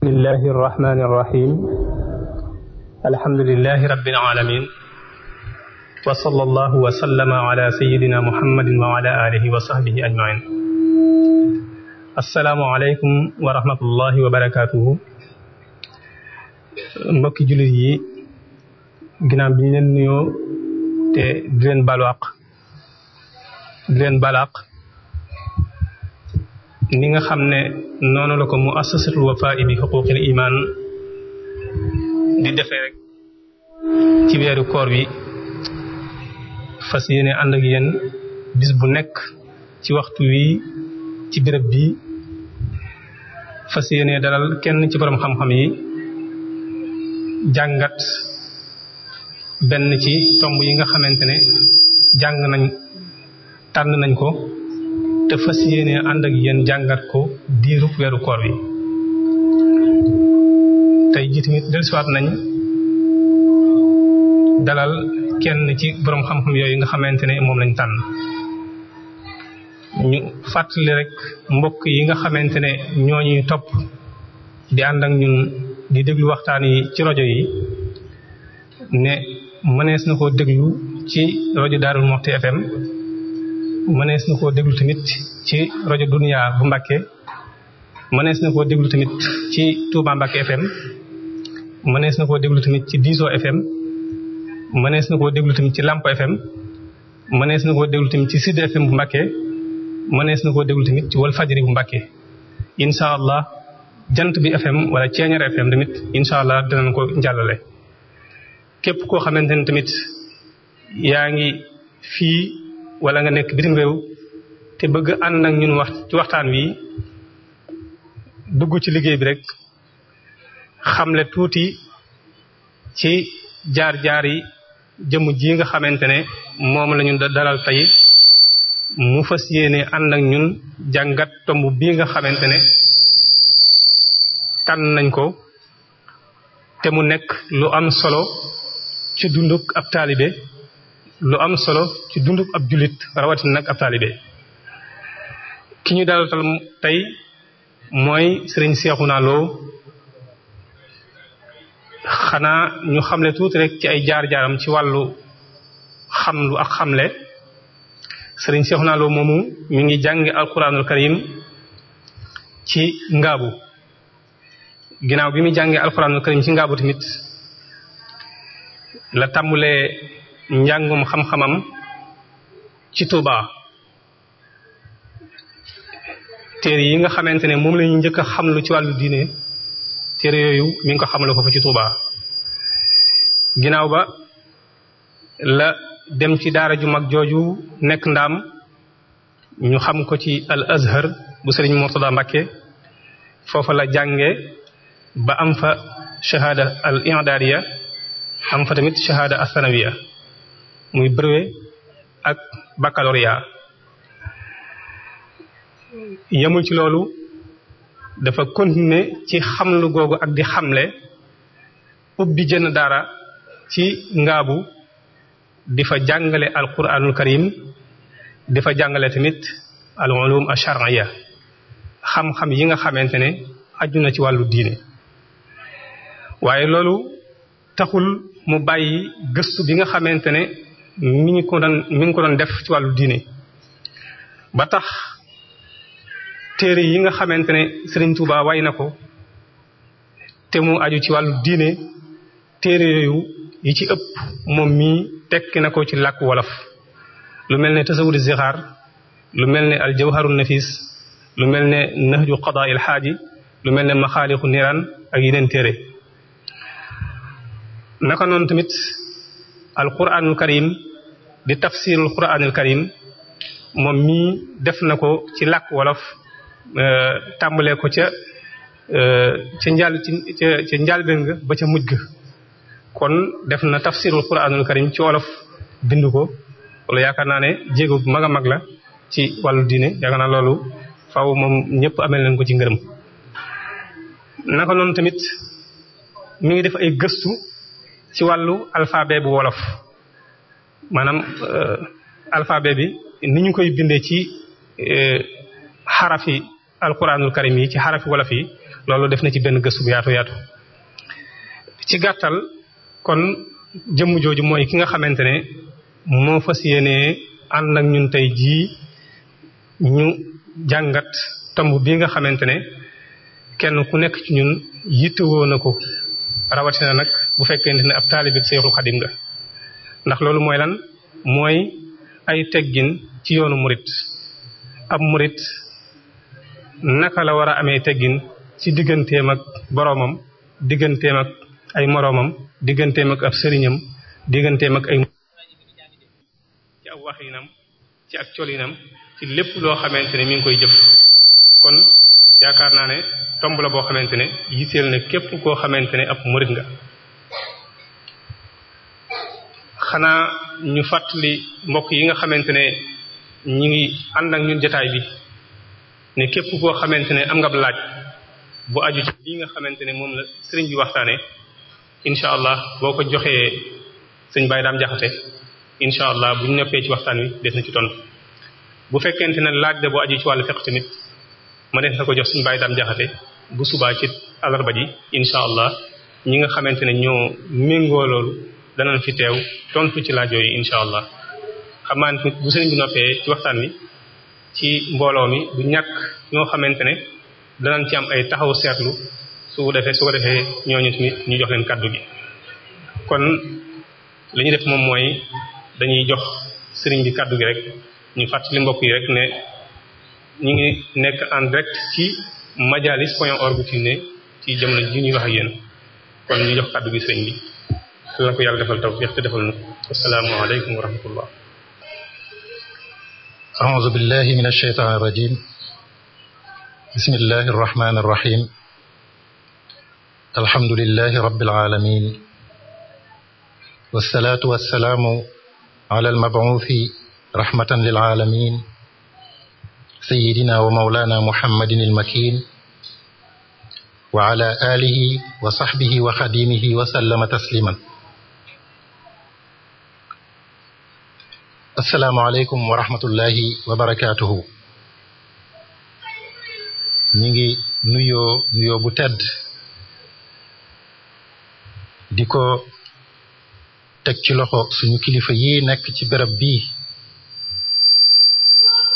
بسم الله الرحمن الرحيم الحمد لله رب العالمين وصلى الله وسلم على سيدنا محمد وعلى آله وصحبه أجمعين السلام عليكم ورحمة الله وبركاته mbokki jullit yi ginnaaw bi ñu leen nuyoo te di leen balwaq di leen balaq ni nga xam ne noonu la ko mu assasatul wafa'i bi xuquqil iman di defee rek ci weeru koor bi fas yéene ànd ak bis bu nekk ci waxtu wi ci béréb bi fas yéene dalal kenn ci borom xam-xam yi jàngat benn ci tomb yi nga xamante ne jàng nañ tànn nañ ko te fas yéene ànd ak yéen jàngat ko diirub weeru koor wi tey ji tamit dellusiwaat nañ dalal kenn ci boroom xam-xam yooyu nga xamante ne moom lañ tànn ñu fàttali rek mbokk yi nga xamante ne ñoo ñuy topp di ànd ñun di déglu waxtaan yi ci rajo yi ne mënees na ko déglu ci rajo Darou Moukhty FM mënees na ko déglu tamit ci rajo Dunia bu Mbàkke mënees na koo déglu tamit ci Touba Mbàkke FM mënees na koo déglu tamit ci Diso FM mënees na koo déglu ci Lamp FM mënees na koo déglu tamit ci Sud FM bu Mbàkke mënees na koo déglu tamit ci wall Fajri bu Mbàkke incha allah jant bi FM wala Ceeñar FM tamit incha allah ko jàllale koo xamante ne tamit yaa ngi fii. wala nga nekk bitim réew te bëgg ànd ak ñun waxtaan wi dugg ci liggéey bi rek xamle tuuti ci jaar jaari yi jëmm ji nga xamante ne moom lañu ñu dalal tey mu fas yéene ànd ak ñun jàngat tomb bii nga xamante ne tànn nañ ko te mu nekk lu am solo ci dunduk ab taalibe lu am solo ci dundu ab jullit rawatina nag ab taalibe ki ñu dalatal tey mooy sëriñ Seexuna Lo xanaa ñu xamle tuuti rek ci ay jaar-jaaram ci wàllu xamlu ak xamle sëriñ Seexuna Lo moomu mi ngi jàngi alquranul karim ci ngaabu ginnaaw bi jànge jàngee alquranul karim ci ngaabu tamit la tàmbulee njàngum xam-xamam ci Touba téere yi nga xamante ne moom la njëkk a xamlu ci wàllu diine téere yooyu mi ko xamle ko fa ci Touba ginaaw ba la dem ci daara ju mag jooju nekk ndaam ñu xam ko ci al azhar bu sëriñ Murtada Mbàkke foofa la jànge ba am fa shahada al i'dadiya am fa tamit shahada asanawiya muy brevet ak baccalauréat yemul ci loolu dafa continuer ci xamlu googu ak di xamle ubbi jënn daara ci ngaabu di fa jàngale alquranul karim di fa jàngale tamit al ulum ash-shar'iyya xam-xam yi nga xamante ne aju na ci wàllu diine waaye loolu taxul mu bàyyi gëstu bi nga xamante ne mi ngi ko doon mi ngi ko doon def ci wàllu diine ba tax téere yi nga xamante ne Serigne Touba way na ko te mu aju ci wàllu diine téere yooyu yi ci ëpp moom mii tekki na ko ci làkk wolof lu mel ne tasawudi zixaar lu mel ne al jawharun nafis lu mel ne nahju qadaa il xaaji lu mel ne maxaaliqu niraan ak yeneen téere naka noonu tamit alquranul karim di tafsirul quranul karim moom mii def na ko ci lakk wolof euh, tàmbalee ko ca euh, ca njaal ci ca ca njaalbeen ba ca mujj ga kon def na tafsirul quranul karim ci wolof bind ko wala yaakaar naa ne jéego bu mag a mag la ci wàllu diine yaakaar na loolu faw moom ñëpp amel nañ ko ci ngërëm naka noonu tamit mi ngi def ay gëstu ci wàllu alphabet bu wolof maanaam euh, alphabet bi ni ñu koy bindee ci euh, xarafi alquranul karim yi ci xarafi wolof yi loolu def na ci benn gëstu yatu yaatu ci gàttal kon jëmm jooju mooy ki nga xamante ne moo fas yéenee ànd ak ñun tey jii ñu jàngat tomb bi nga xamante ne kenn ku nekk ci ñun yittewoo na ko rawatina nag bu fekkente ne ab taalibe Seexul Xadim nga ndax loolu mooy lan mooy ay teggin ci yoonu murit ab murit naka la war a amee teggin ci digganteem ak boroomam digganteem ak ay moroomam digganteem ak ab sëriñam digganteem ak ay ci ab waxinam ci ak colinam ci lépp loo xamante ne mi ngi koy jëf yaakaar naa ne tomb la boo xamante ne yitteel na képp koo xamante ne ab murit nga xanaa ñu fàttali mbokk yi nga xamante ne ñi ngi ànd ak ñun jotaay bi ne képp koo xamante ne am nga laaj bu aju ci lii nga xamante ne moom la sëriñ bi waxtaane incha allah boo ko joxee sëñ Baye Dame Jaxate incha allah bu ñu ci waxtaan wi des na ci tontu bu fekkente ne laaj de bu aju ci wàllu fiqh tamit mënees na ko jox suñu bàyyi daam jaxate bu subaa ci alarba ji incha allah ñi nga xamante ne ñoo méngoo loolu danañ fi teew tontu ci laaj yi incha allah xam naa ne bu sëriñ bi noppee ci waxtaan wi ci mbooloo mi bu ñàkk ñoo xamante ne danañ ci am ay taxaw seetlu su ko defee su ko defee ñooñu tamit ñu jox leen kàddu gi kon lañuy def moom mooy dañuy jox sëriñ bi kàddu gi rek ñu fàttali mbokk yi rek ñu ngi nekk en direct ci majalis point org fi ne ci jamono ji ñuy wax ak yéen kon ñu jox kàddu gi sëñ bi xel na ko yàlla defal tawfiq te defal na assalaamu aleykum wa rahmatullah أعوذ بالله من الشيطان الرجيم بسم الله الرحمن الرحيم الحمد لله رب العالمين والصلاة والسلام على المبعوث رحمة للعالمين سيدنا ومولانا محمد المكين وعلى آله وصحبه وخديمه وسلم تسليما asalaamaaleykum wa rahmatullahi wa barakaatuhu ñu ngi nuyoo nuyoo bu tedd di ko teg ci loxo suñu kilifa yi nekk ci béréb bi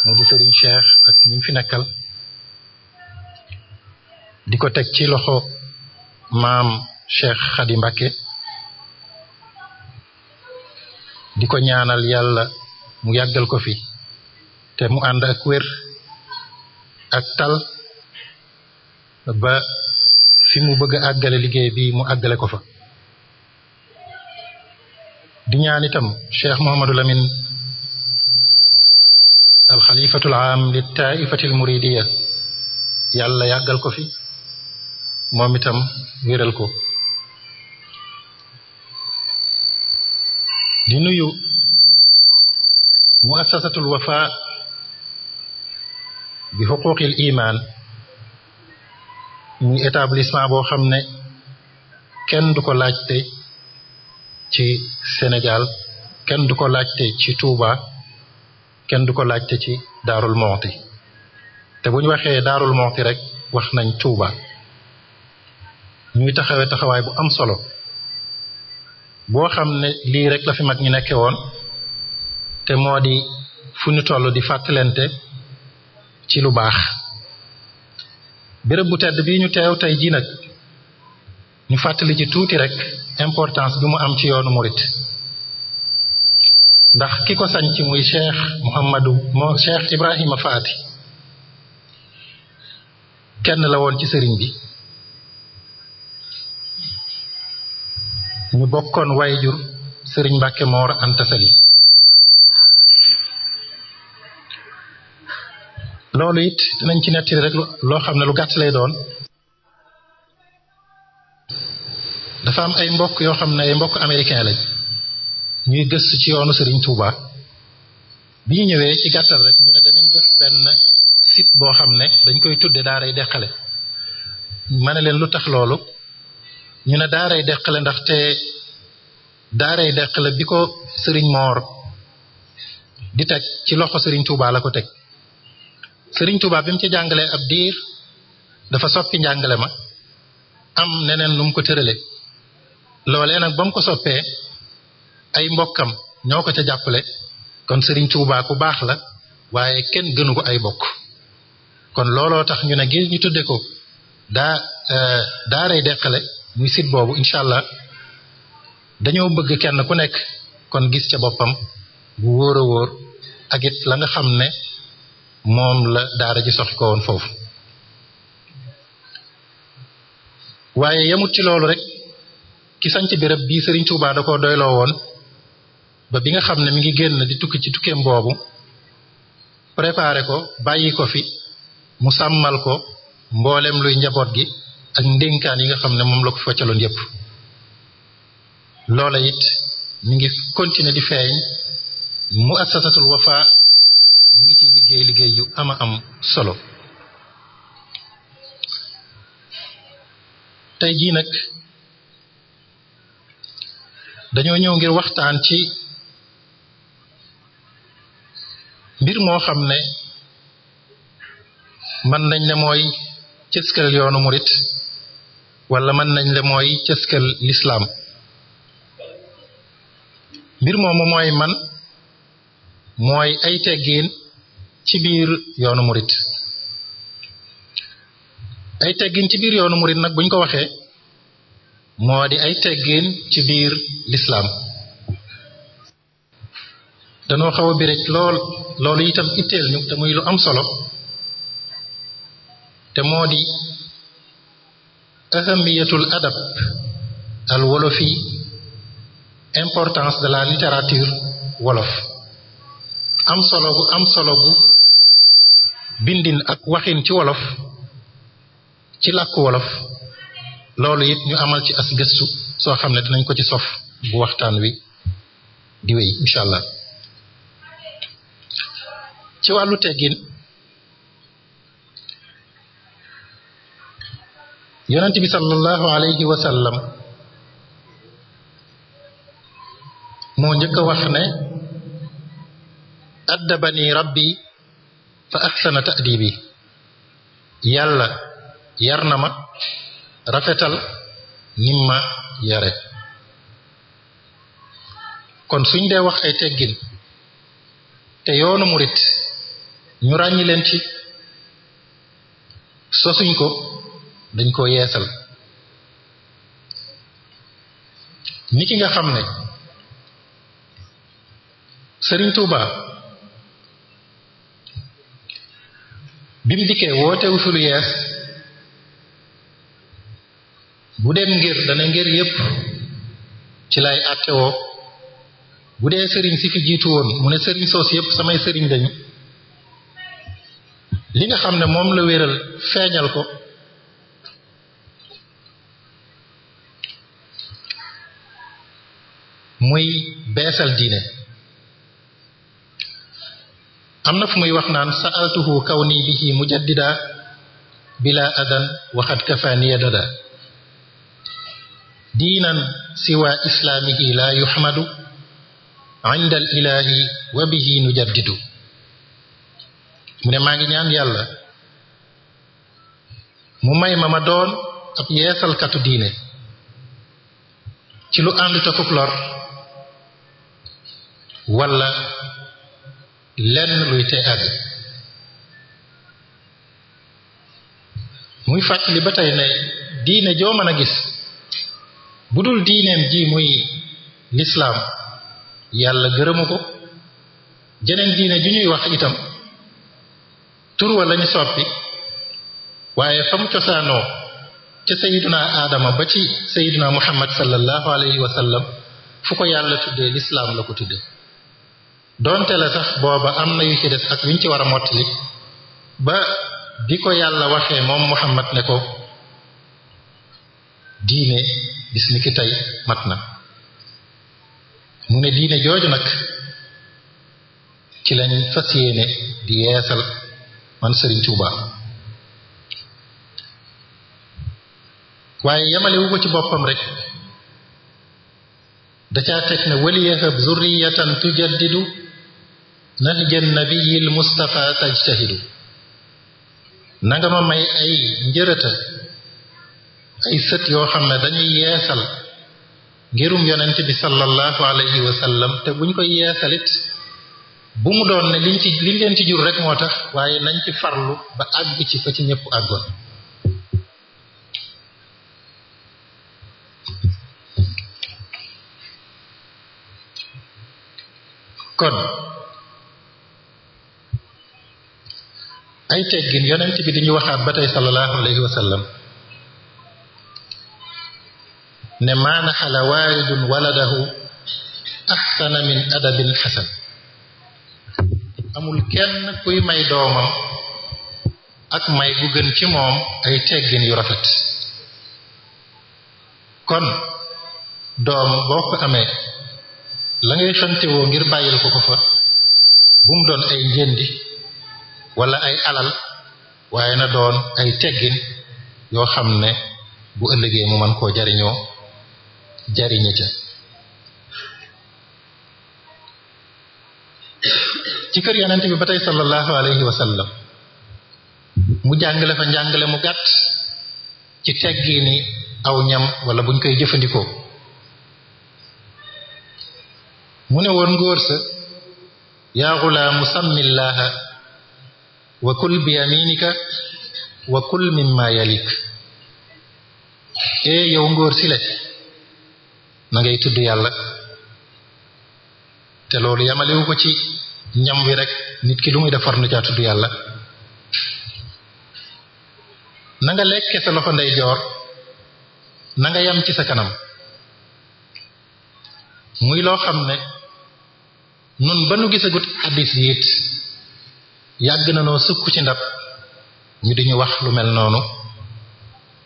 mu di Serigne Cheikh ak ñi fi nekkal di ko teg ci loxo maam Cheikh Khady Mbacké di ko ñaanal yàlla mu yàggal ko fi te mu ànd ak wér ak tal ba fi mu bëgg a liggéey bi mu àggale ko fa di ñaan itam Cheikh Mouhamadou alxalifatul aam li taaifatil muridiya yàlla yàggal ko fi moom itam wéral ko di nuyu muassasatul wafa bi xuquqil iman muy établissement boo xam ne kenn du ko laajte ci senegal kenn du ko laajte ci Touba kenn du ko laajte ci daarul moxti te bu ñu waxee daarul moxti rek wax nañ tuuba ñuy taxawee taxawaay bu am solo boo xam ne lii rek la fi mag ñi nekke woon te moo di fu ñu toll di fàttalente ci lu baax béréb bu tedd bii ñu teew tey jii nag ñu fàttali ci tuuti rek importance bi mu am ci yoonu murit ndax ki ko sañ sanc muy cheikh Mouhamadou moo cheikh Ibrahima Faati kenn la woon ci sëriñ bi ñu bokkoon wayjur sëriñ Mbàkke Moor Anta Sali loolu it dinañ ci nettali rek loo xam ne lu gàtt lay doon dafa am ay mbokk yoo xam ne ay mbokk américain lañ ñuy gëstu ci yoonu sëriñ Touba bi ñu ñëwee ci gàttal rek ñu ne danañ def benn site boo xam ne dañ koy tudde daaray deqale ma ne leen lu tax loolu ñu ne daaray deqale ndax te daaray deqale bi ko sëriñ Mor di teg ci loxo sëriñ tuubaa la ko teg sëriñ Touba bi mu ci jàngalee ab diir dafa soppi njàngale ma am neneen lu mu ko tërale loolee nag ba mu ko soppee ay mbokkam ñoo ko ca jàppale kon Serigne Touba ku baax la waaye kenn gënu ko ay bokk kon looloo tax ñu ne gis ñu tuddee ko daa euh, daaray deqale muy sit boobu incha allah dañoo bëgg kenn ku nekk kon gis ca boppam bu wóor a wóor ak la nga xam ne moom la daara ji soxi ko woon foofu waaye yemut ci loolu rek ki ci béréb bii Serigne Touba da ko doyloo woon ba bi nga xam ne mu ngi génn di tukki ci tukkeem boobu préparé ko bàyyi ko fi mu sàmmal ko mboolem luy njaboot gi ak ndénkaan yi nga xam ne moom la ko foccaloon yépp loola it mu ngi continuer di feeñ mu assasatul wafa mi ngi ciy liggéey liggéey yu ama am solo tey jii nag dañoo ñëw ngir waxtaan ci mbir moo xam ne mën nañ ne mooy cëskal yoonu murit wala mën nañ ne mooy cëskal lislaam mbir moomu mooy man mooy ay teggin ci biir yoonu murit ay teggin ci biir yoonu murit nag buñ ko waxee moo di ay teggin ci biir lislaam danoo xaw a birëj lool loolu itam iteel ñu te muy lu am solo te moo di ahamiyatul adab al wolofi importance de la littérature wolof am solo bu am solo bu bindin ak waxin ci wolof ci làkku wolof loolu it ñu amal ci as gëstu soo xam ne dinañ ko ci sof bu waxtaan wi di wéy incha allah ci wàllu teggin yonent bi sallallahu alayhi wa moo njëkk a wax ne addabani rabbi fa axsana ta'dibi yàlla yar na ma rafetal nim ma yare kon suñ dee wax ay teggin te yoonu murit ñu ràññi leen ci sosuñ ko dañ koo yeesal ni ki nga xam ne Sëriñ Tuuba bi mu dikkee wootewu fi lu yees bu dem ngir dana ngir yépp ci lay àttewoo bu dee sëriñ si fi jiitu woon mu ne sëriñ soos yépp samay sëriñ dañu li nga xam ne moom la wéral feeñal ko muy beesal diine am na fu muy wax naan sa'altuhu kaw nii bihi mujaddida bila adan waxat kafaaniya dada diinan siwa islaamihi la yuhmadu inda al ilahi wa bihi nujaddidu mu ne maa ngi ñaan yàlla mu may ma ma doon ab yeesalkatu diine ci lu ànd takuk lor walla lenn luy te àgg muy fàttali ba tey ne diine joo mën a gis bu dul diineem ji muy lislaam yàlla gërëmu ko jeneen diine ju ñuy wax itam turwa lañu soppi waaye fa mu cosaanoo ca sayiduna aadama ba ci sayiduna muhammad sallallahu alayhi wa sallam fu ko yàlla tuddee lislaam la ko tuddee donte la sax booba am na yu ci des ak yuñ ci war a mottali ba bi ko yàlla waxee moom muhammad ne ko diine bis ni ki tey mat na mu ne diine jooju nag ci lañ fas yéene di yeesal man Sëriñ Tuuba waaye yamalewu ko ci boppam rekk da caa teg ne waliyahab zurriyatan tujaddidu nahjan nabiyil mustafa tajtahidu nanga ma may ay njërëta ay sët yoo xam ne dañuy yeesal ngirum yonent bi sallallahu alayhi wa sallam te buñ koy yeesalit bu mu doon ne li ci leen ci jur rek moo tax waaye nañ ci farlu ba àgg ci fa ci ñëpp àggoon kon ay teggin yonent bi di ñu waxaat ba tey sallallahu alayhi wa sallam ne maanaxala waaridun waladahu axsana min adabin xasan amul kenn kuy may doomam ak may bu gën ci moom ay teggin yu rafet kon doom boo amee la ngay fantewoo ngir bàyyil ko ko fa bu mu doon ay njëndi walla ay alal waaye na doon ay teggin yoo xam ne bu ëllëgee mu mën koo jariñoo jariñe ca ci kër yonent bi ba tey sallallahu alayhi wa mu mu jàngale fa njàngale mu gàtt ci teggiini aw ñam wala buñ koy jëfandikoo mu ne woon ngóor sa yaa xulaamu sàmmillaaha wa kul bi yaminika wa kul mimma yalik ee yow ngóor si le ma ngay tudd yàlla te loolu yamalewu ko ci ñam wi rek nit ki lu muy def war na caa tudd yàlla nanga nga lekke sa loxo ndeyjoor nanga nga yam ci sa kanam muy loo xam ne nun ba nu gisagut addis it yàgg na noo sukk ci ndab ñu di ñu wax lu mel noonu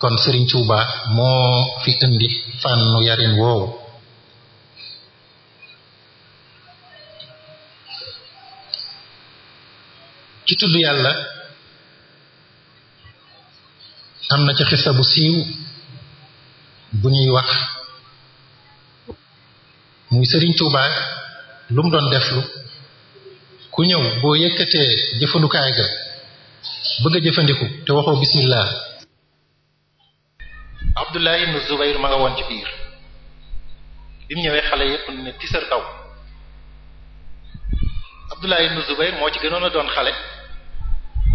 kon Serigne Touba moo fi indi fànnu yarin woowu ci tudd yàlla am na ca xisa bu siiw bu ñuy wax muy Sëriñ Tuuba lu mu doon deflu ku ñëw boo yëkkatee jëfandukaay ga bëgg jëfandiku te waxoo bismillah Abdullah ibn Zubayr ma nga woon ci biir bi mu ñëwee xale yépp ne tisër kaw Abdullah ibn Zubayr moo ci gënoon a doon xale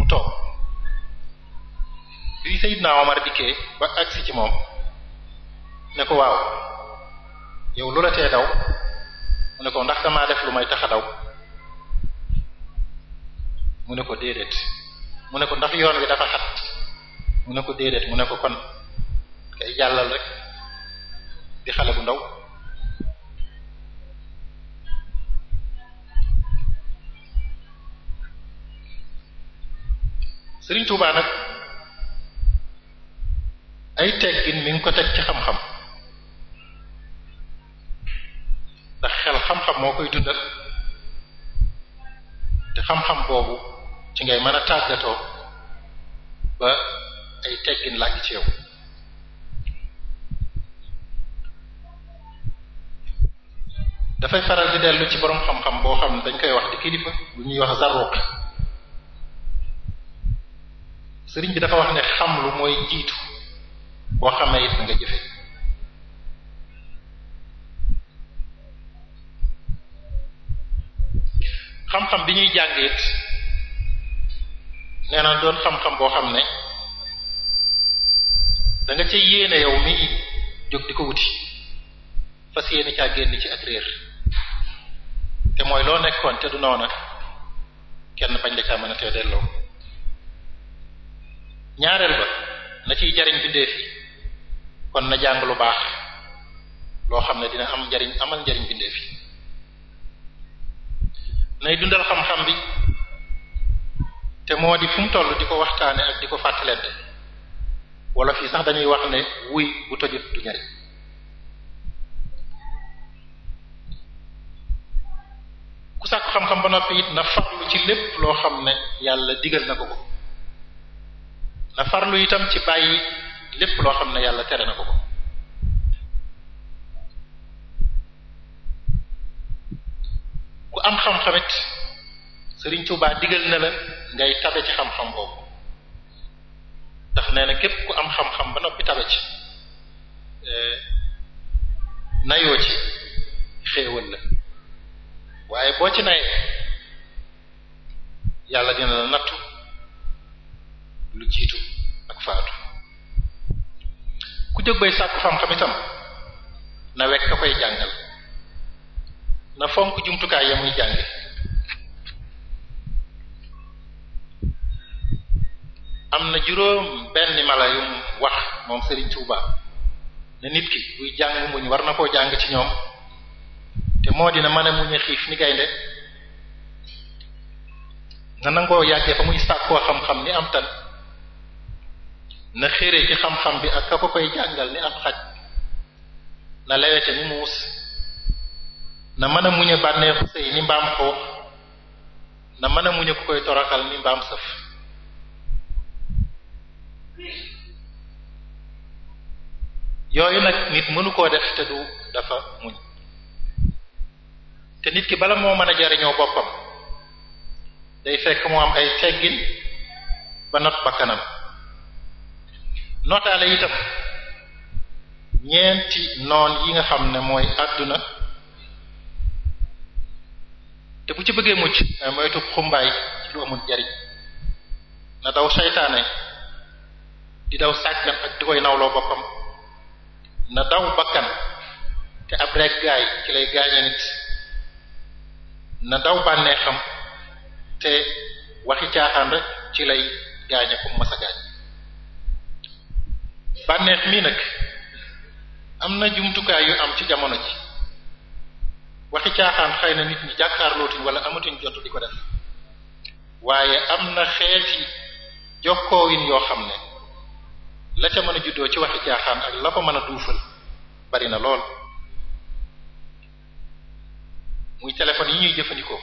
mu toog bi Seydina Omar dikkee ba agsi ci moom ne ko waaw yow lu la tee daw mu ne ko ndax damaa def lu may tax a daw mu ne ko déedéet mu ne ko ndax yoon wi dafa xat mu ne ko déedéet mu ne ko kon kay jàllal rek di xale bu ndaw Sëriñ Tuubaa nag ay teggin mi ngi ko teg ci xam-xam ndax xel xam-xam moo koy dundal te xam-xam boobu ci ngay mën a tàggatoo ba ay teggin làgg ci yow dafay faral di dellu ci boroom xam-xam boo xam ne dañ koy wax di kilifa bu ñuy wax Zarruq sëriñ bi dafa wax ne xam lu mooy jiitu boo xamee it na nga jëfe xam-xam bi ñuy jàngit nee na doon xam-xam boo xam ne danga nga ca yéene yow mi jóg di ko wuti fas yéene caa génn ci ak réer te mooy loo nekkoon te du noona kenn bañ la caa mën a tee delloo ñaareel ba na ciy jariñ bindeef yi kon na jàng lu baax loo xam ne dina am njariñ amal njariñ bindeef yi nay dundal xam-xam bi te moo di fu mu toll di ko waxtaane ak di ko fàttalente wala fii sax dañuy wax ne wuy bu tojut du ñariñ ku sàkk xam-xam ba noppi it na farlu ci lépp loo xam ne yàlla digal na ko ko na itam ci bàyyi lépp loo xam ne yàlla tere na ko ko ku am xam-xamit Sëriñ Tuubaa digal na la ngay tabe ci xam-xam boobu ndax nee képp ku am xam-xam ba noppi tabe ci eh, nayoo ci xéewal la waaye boo ci nayee yàlla dina la nattu lu jiitu ak faatu ku jóg bay sàkku xam-xam itam na wekk ka koy jàngal na fonk jumtukaay ya muy jànge am na juróom benn mala yu wax moom Serigne Touba ne nit ki buy jàng muñ war na koo jàng ci ñoom te moo dina mën a muñ a xiif ni gaynde na nangoo yàggee fa muy sàkkoo xam-xam ni am tan na xére ci xam-xam bi ak ka ko koy jàngal ni am xaj na lewete ni muus na mën a muñe bànneexu sëy ni mbaam xoox na mën a muñe ku koy toraxal ni mbaam sëf yooyu nag nit mënu koo def te du dafa muñ te nit ki bala moo mën a jariñoo boppam day fekk mu am ay teggin ba not bakkanam notaale itam ñeenti noon yi nga xam ne mooy àdduna te bu ci bëggee mucc eh, moytu xumbaay ci lu amul jariñ na daw saytaane di daw sàggan ak di koy nawloo boppam na daw bakkan te ab rek gaay ci lay gaañe nit na daw bànneexam te waxi caaxaan rek ci lay gaañe ko masa gaañ bànneex mii nag am na jumtukaay yu am ci jamono ji waxi caaxaan xëy na nit ñi jàkkaarlootuñ wala amatuñ jot di ko def waaye am na xeeti jokkoowin yoo xam ne la ca mën juddoo ci waxi caaxaan ak la ko mën duufal bari na lool muy téléphone yi ñuy jëfandikoo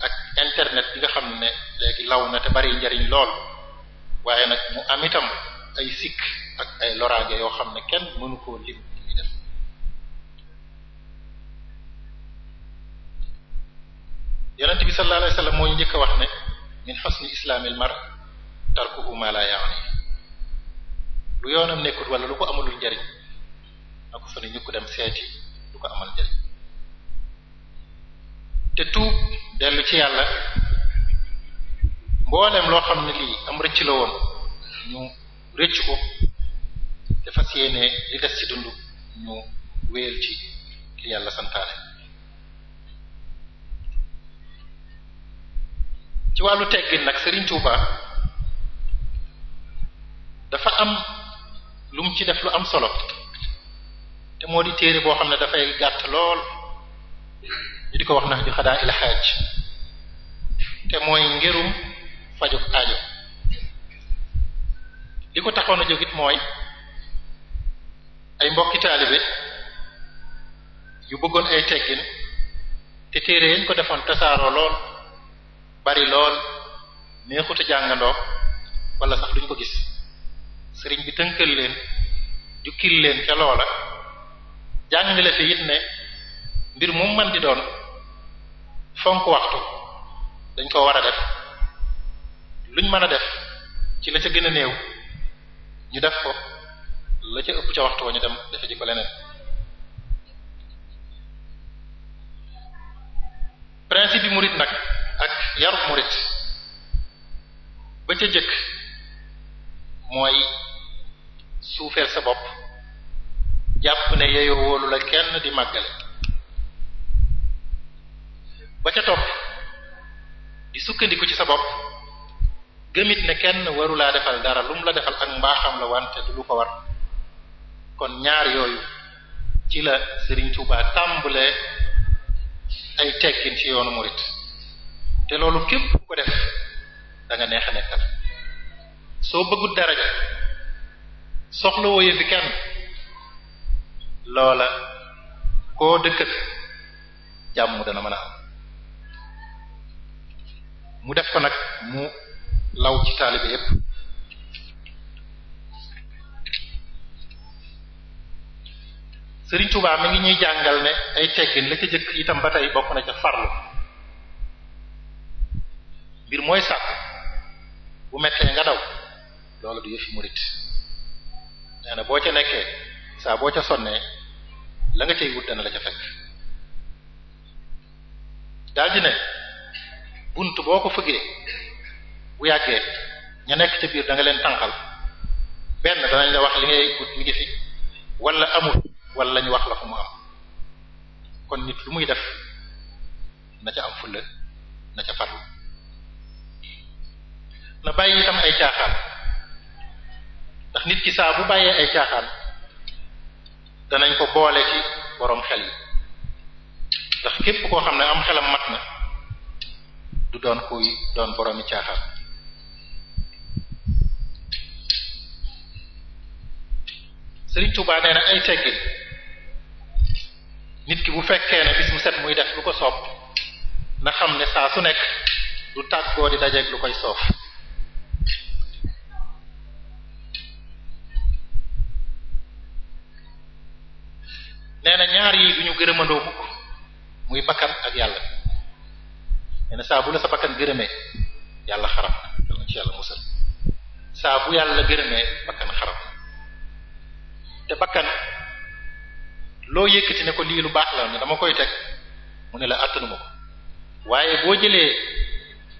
ak internet bi nga xam ne léegi law na te bari njariñ lool waaye nag mu am itam ay sikk ak ay loraange yoo xam ne kenn mënu koo lim li def yonent bi sallallahu alayhi wasallam njëkk wax ne min xasni islaamil mar tarkuhu ma la yaani lu yoonam nekkut wala lu ko amalul njariñ na ko fa ne ñu ko dem seeti lu ko amal njariñ te tuub dellu ci yàlla mboolem loo xam ne lii am rëcc la woon rëcc ko te fas li des ci dund ñu wéyal ci li yàlla santaane ci wàllu teggin nag Serigne Touba dafa am lu mu ci def lu am solo te moo di téere boo xam ne dafay gàtt lool ñu di ko wax na ju xadaa il te mooy ngerum fajug aajo li ko taxoon a jógit mooy ay mbokki taalibe yu bëggoon ay teggin te téere yañ ko defoon tasaaroo lool bari lool neexut a jàngandoo wala sax duñ ko gis sëriñ bi tënkal leen jukkil leen ca loola jàngale fi it ne mbir mu man di doon fonk waxtu dañ ko war a def luñ mën a def ci la ca gën a néew ñu def ko la ca ëpp ca waxtu wa ñu dem defe ji ko leneen principe bi murit nag ak yaru murit ba ca jëkk mooy suufeel sa bopp jàpp ne yeyoo wóolu la kenn di màggale ba ca topp di sukkandiku ci sa bopp gëmit ne kenn warulaa defal dara lu mu la defal ak mbaaxam la wante du lu ko war kon ñaar yooyu ci la sëriñ Touba tàmbalee ay teggin ci yoonu murit te loolu képp ku ko def da nga neex soo bëggut daraja soxla wooye fi kenn loola koo dëkkat jàmm dana mën a am mu def ko nag mu law ci taalibe yépp Sëriñ Tuubaa mi ngi ñuy jàngal ne ay teggin la ca jëkk itam ba tey bokk na ca farlu mbir mooy sàkk bu mettee nga daw loolu du yëfi murit nee boo ca nekkee saa boo ca sonnee la nga cay wut dana la ca fekk daldi ne bunt boo ko fëggee bu yàggee ña nekk ca biir danga leen tànqal benn danañ la wax li ngay ut mi ngi fi wala amul wala lañu wax la ko mu am kon nit lu muy def na ca am fulla na ca farlu na bàyyi itam ay caaxaan ndax nit ki saabu bu bàyyee ay caaxaan danañ ko boole ci boroom xel yi ndax képp koo xam ne am xelam mat na du doon kuy doon boroomi caaxaan Sëriñ Tuubaa nee na ay teggin nit ki bu fekkee ne bis mu set muy def lu ko soob na xam ne saa su nekk lu tàggoo di dajeeg lu koy soof nee na ñaar yi du ñu gërëmandoo mukk muy bakkan ak yàlla nee na saa bu la sa bakkan gërëmee yàlla xarab na yàlla ci yàlla musal saa bu yàlla gërëmee bakkan xarab te bakkan loo yëkkati ne ko lii lu baax la ne dama koy teg mu ne la attanuma ko waaye boo jëlee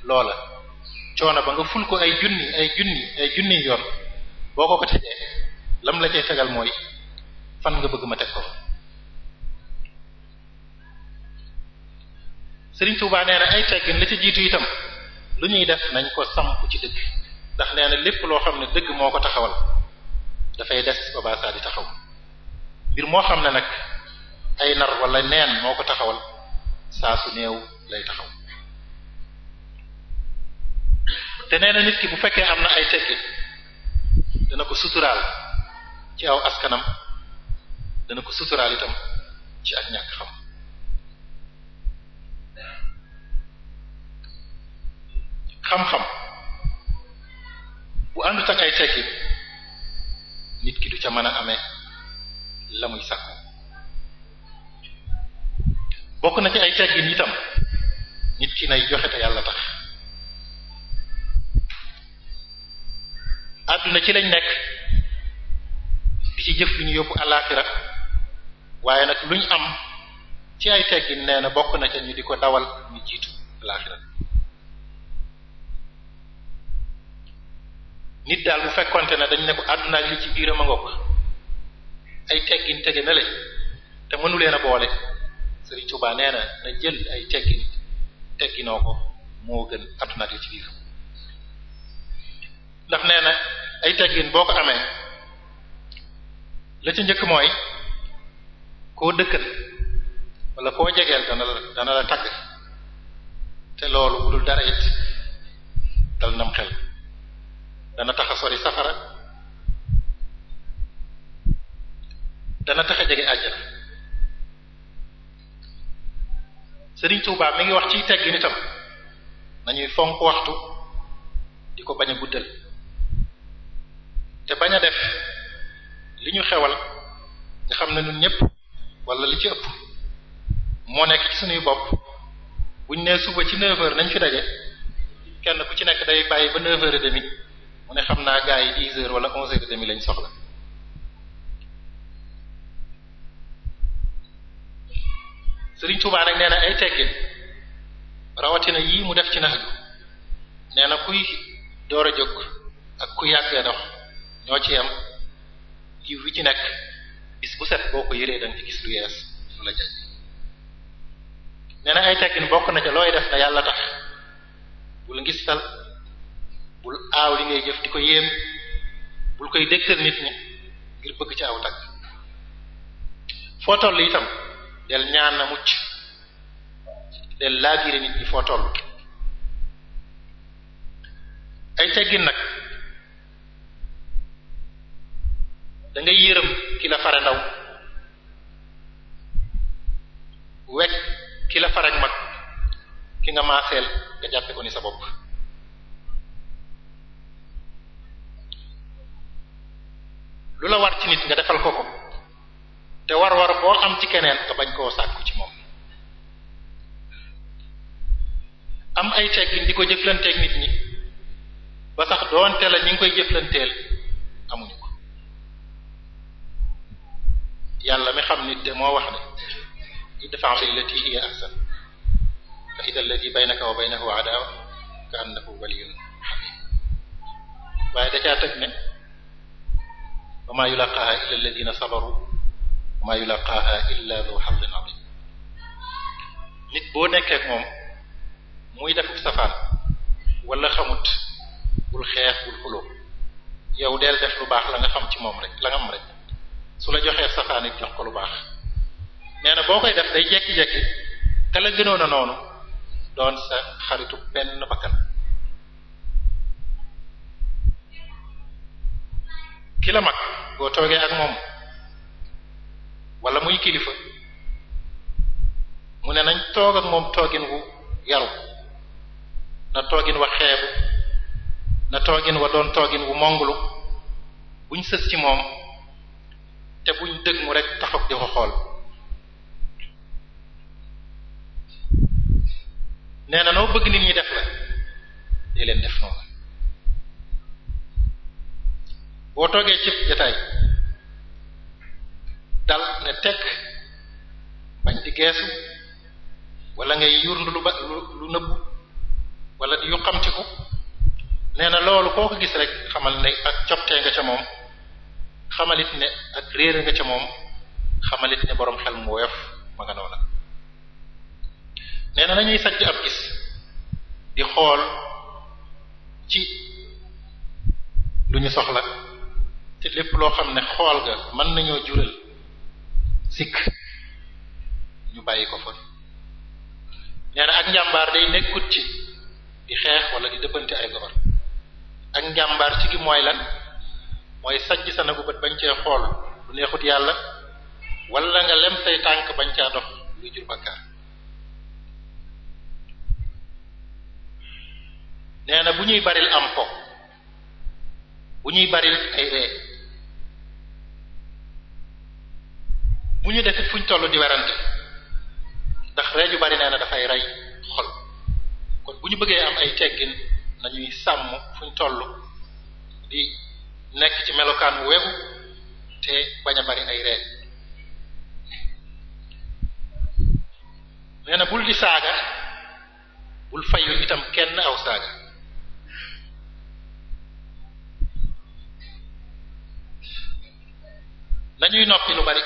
loola coono ba nga ful ko ay junni ay junni ay junni yoon boo ko ko tegee lam la cay tegal mooy fan nga bëgg ma teg ko Sëriñ Tuubaa nee na ay teggin la ca jiitu itam lu ñuy def nañ ko samp ci dëgg ndax nee na lépp loo xam ne dëgg moo ko taxawal dafay des boobaa saa di taxaw mbir moo xam ne nag ay nar walla neen moo ko taxawal saa su néew lay taxaw te nee nit ki bu fekkee am na ay teggin dana ko suturaal ci aw askanam dana ko suturaal itam ci ak ñàkk xam xam-xam bu àndut ak ay teggin nit ki du ca mën a ame la muy sàkku bokk na ci ay teggin itam nit ki nay joxe te yàlla tax àdduna ci lañ nekk di ci jëf bi ñu yóbbu àllaaxira waaye nag luñ am ci ay teggin nee na bokk na ca ñu di ko dawal ñu jiitu àllaaxira nit daal bu fekkonte ne dañ ne ko àdduna li ci biiram a ngoog ay teggin tege na le te mënu leen a boole Sëriñ Tuubaa nee na na jël ay teggin tegginoo ko moo gën àdduna li ci biiram ndax nee na ay teggin boo ko amee la ci njëkk mooy koo dëkkal wala koo jegeel dana la dana la tagg te loolu bu dul dara it dal nam xel dana tax sori safara dana tax a jege àjjana Sëriñ Tuubaa mi ngi wax ciy teggi nitam nañuy fonk waxtu di ko bañ a guddal te bañ a def li ñu xewal nga xam ne ñun ñëpp wala li ci ëpp moo nekk ci suñuy bopp buñ nee suba ci 9 nañ fi daje kenn ku ci nekk day bàyyi ba 9h demi. mu ne xam naa gars yi dix heures wala onze heures et demie lañ soxla Sëriñ Tuubaa nag nee ay teggin rawatina yii mu def ci nax gi na kuy door a jóg ak ku yàggee dox ñoo ci yem yiw wi ci nekk gis bu set boo ko yëree danga ci gis lu yees lu la jaj nee na ay teggin bokk na ca looy def na yàlla tax bul ngistal bul aaw li ngay jëf di ko yéem bul koy dégtal nit ñi ngir bëgg ci aw tagg foo toll itam del ñaan na mucc del laabiire nit ñi foo toll ay teggin nag da yërëm ki la fare ndaw wekk ki la farek mag ki nga maaseel nga jàppe ko ni sa bopp lu la war ci nit nga defal ko ko te war-war boo am ci keneen nga bañ koo sàkku ci moom am ay teggin di ko jëflanteeg nit ñi ba sax ngi koy jëflanteel amuñu ko yàlla mi xam nit de moo wax ne idfa' billati hiya ahsan fa idha alladhi baynaka wa baynahu adawa ka annahu waliyyun hamim waaye da caa ne wa maa yulaqaaha illa alladina sabaru wa maa yulaqaaha illa du boo nekkee ak moom muy def safaan wala xamut bul xeex bul xuloo yow deel def lu baax la nga xam ci moom rek la nga am rek su la joxee safaan it jox ko lu baax nee na boo koy def day jekki-jekki te la gënoon a noonu doon sa xaritu benn bakkan ki la mag boo toogee ak moom wala muy kilifa mu ne nañ toog moom toogin wu yaru na toogin wa xeebu na toogin wa doon toogin wu monglu buñ sës ci moom te buñ dëgg mu rek taxaw di ko xool nee na noo bëgg nit ñi def la di leen def noonu boo toogee ci jotaay dal ne tekk bañ di geesu wala ngay yurndu lu ba lu nëbbu wala di yuqamtiku nee na loolu koo gis rek xamal ne ak coptee nga ca moom xamalit ne ak réere nga ca moom xamalit ne boroom xel mu woyof ma nga noona nee na nañuy sajj ab gis di xool ci lu ñu soxla te lépp loo xam ne xool ga mën nañoo jural sikk ñu bàyyi ko fa nee ak njàmbaar day nekkut ci di xeex wala di dëppante ay gobar ak njàmbaar ci gi mooy la mooy sajj sa nagu bët bañ cee xool lu neexut yàlla walla nga lem say tànk bañ caa dox luy jur bakkaar nee na bu ñuy baril am po bu ñuy baril ay ree bu ñu defit fu ñu toll di werante ndax ree ju bari nee na dafay rey xol kon bu ñu bëggee am ay teggin nañuy sàmm fu ñu toll di nekk ci melokaan wu wewu te bañ a bari ay ree nee na bul di saaga bul fayu itam kenn aw saaga nañuy noppi lu bari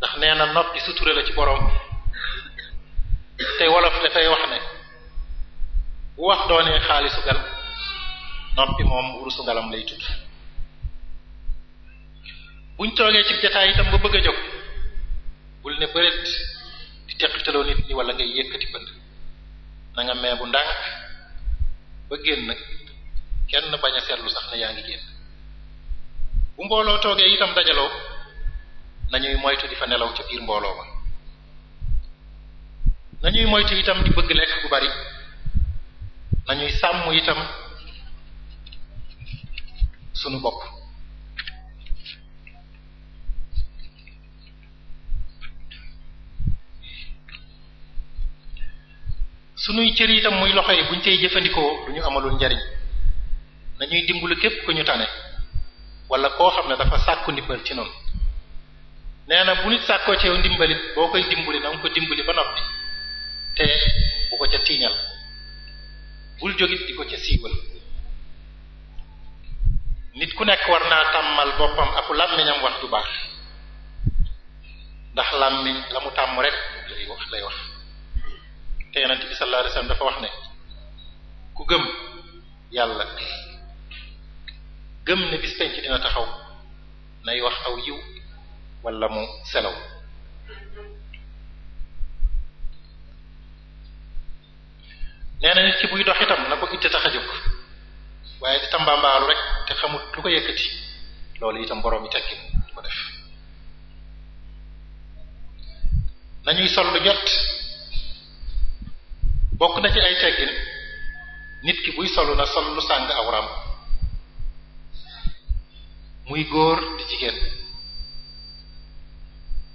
ndax nee na noppi sutura la ci borom tey wolof dafay wax ne bu wax doonee xaalisu gal noppi moom wurusu galam lay tudd buñ toogee ci jotaay itam nga bëgg a jóg bul ne bëreet di teqitaloo nit ñi wala ngay yëkkati pënd na nga mee bu ndànk ba génn kenn bañ a seetlu sax ne yaa ngi génn bu mbooloo toogee itam dajaloo nañuy moytu di fa nelaw ca biir mbooloo ma nañuy moytu itam di bëgg lekk bu bari nañuy sàmm itam sunu bopp sunuy cër itam muy loxo yi buñ cay jëfandikoo du ñu amalul njariñ nañuy dimbali képp ku ñu tane wala koo xam ne dafa sàkku ndimbal ci noonu nee na bu nit sàkkoo ci yow ndimbalit boo koy dimbali na nga ko dimbali ba noppi te bu ko ca tiiñal bul jógit di ko ca siiwal nit ku nekk war naa tàmmal boppam ak làmmiñam wax du baax ndax làmmiñ la mu tàmm rek lay wax lay wax te yonent bi sallallahu dafa wax ne ku gëm yàlla gëm ne bis penc dina taxaw nay wax aw yiw wala mu selaw nee na nit ki buy dox itam na ko itte tax a jóg waaye di tambaambaalu rek te xamut lu ko yëkkati loolu itam borom yi tekki du ko def nañuy sol lu jot bokk na ci ay teggin nit ki buy solu na sol lu sàng awram muy góor di jigéen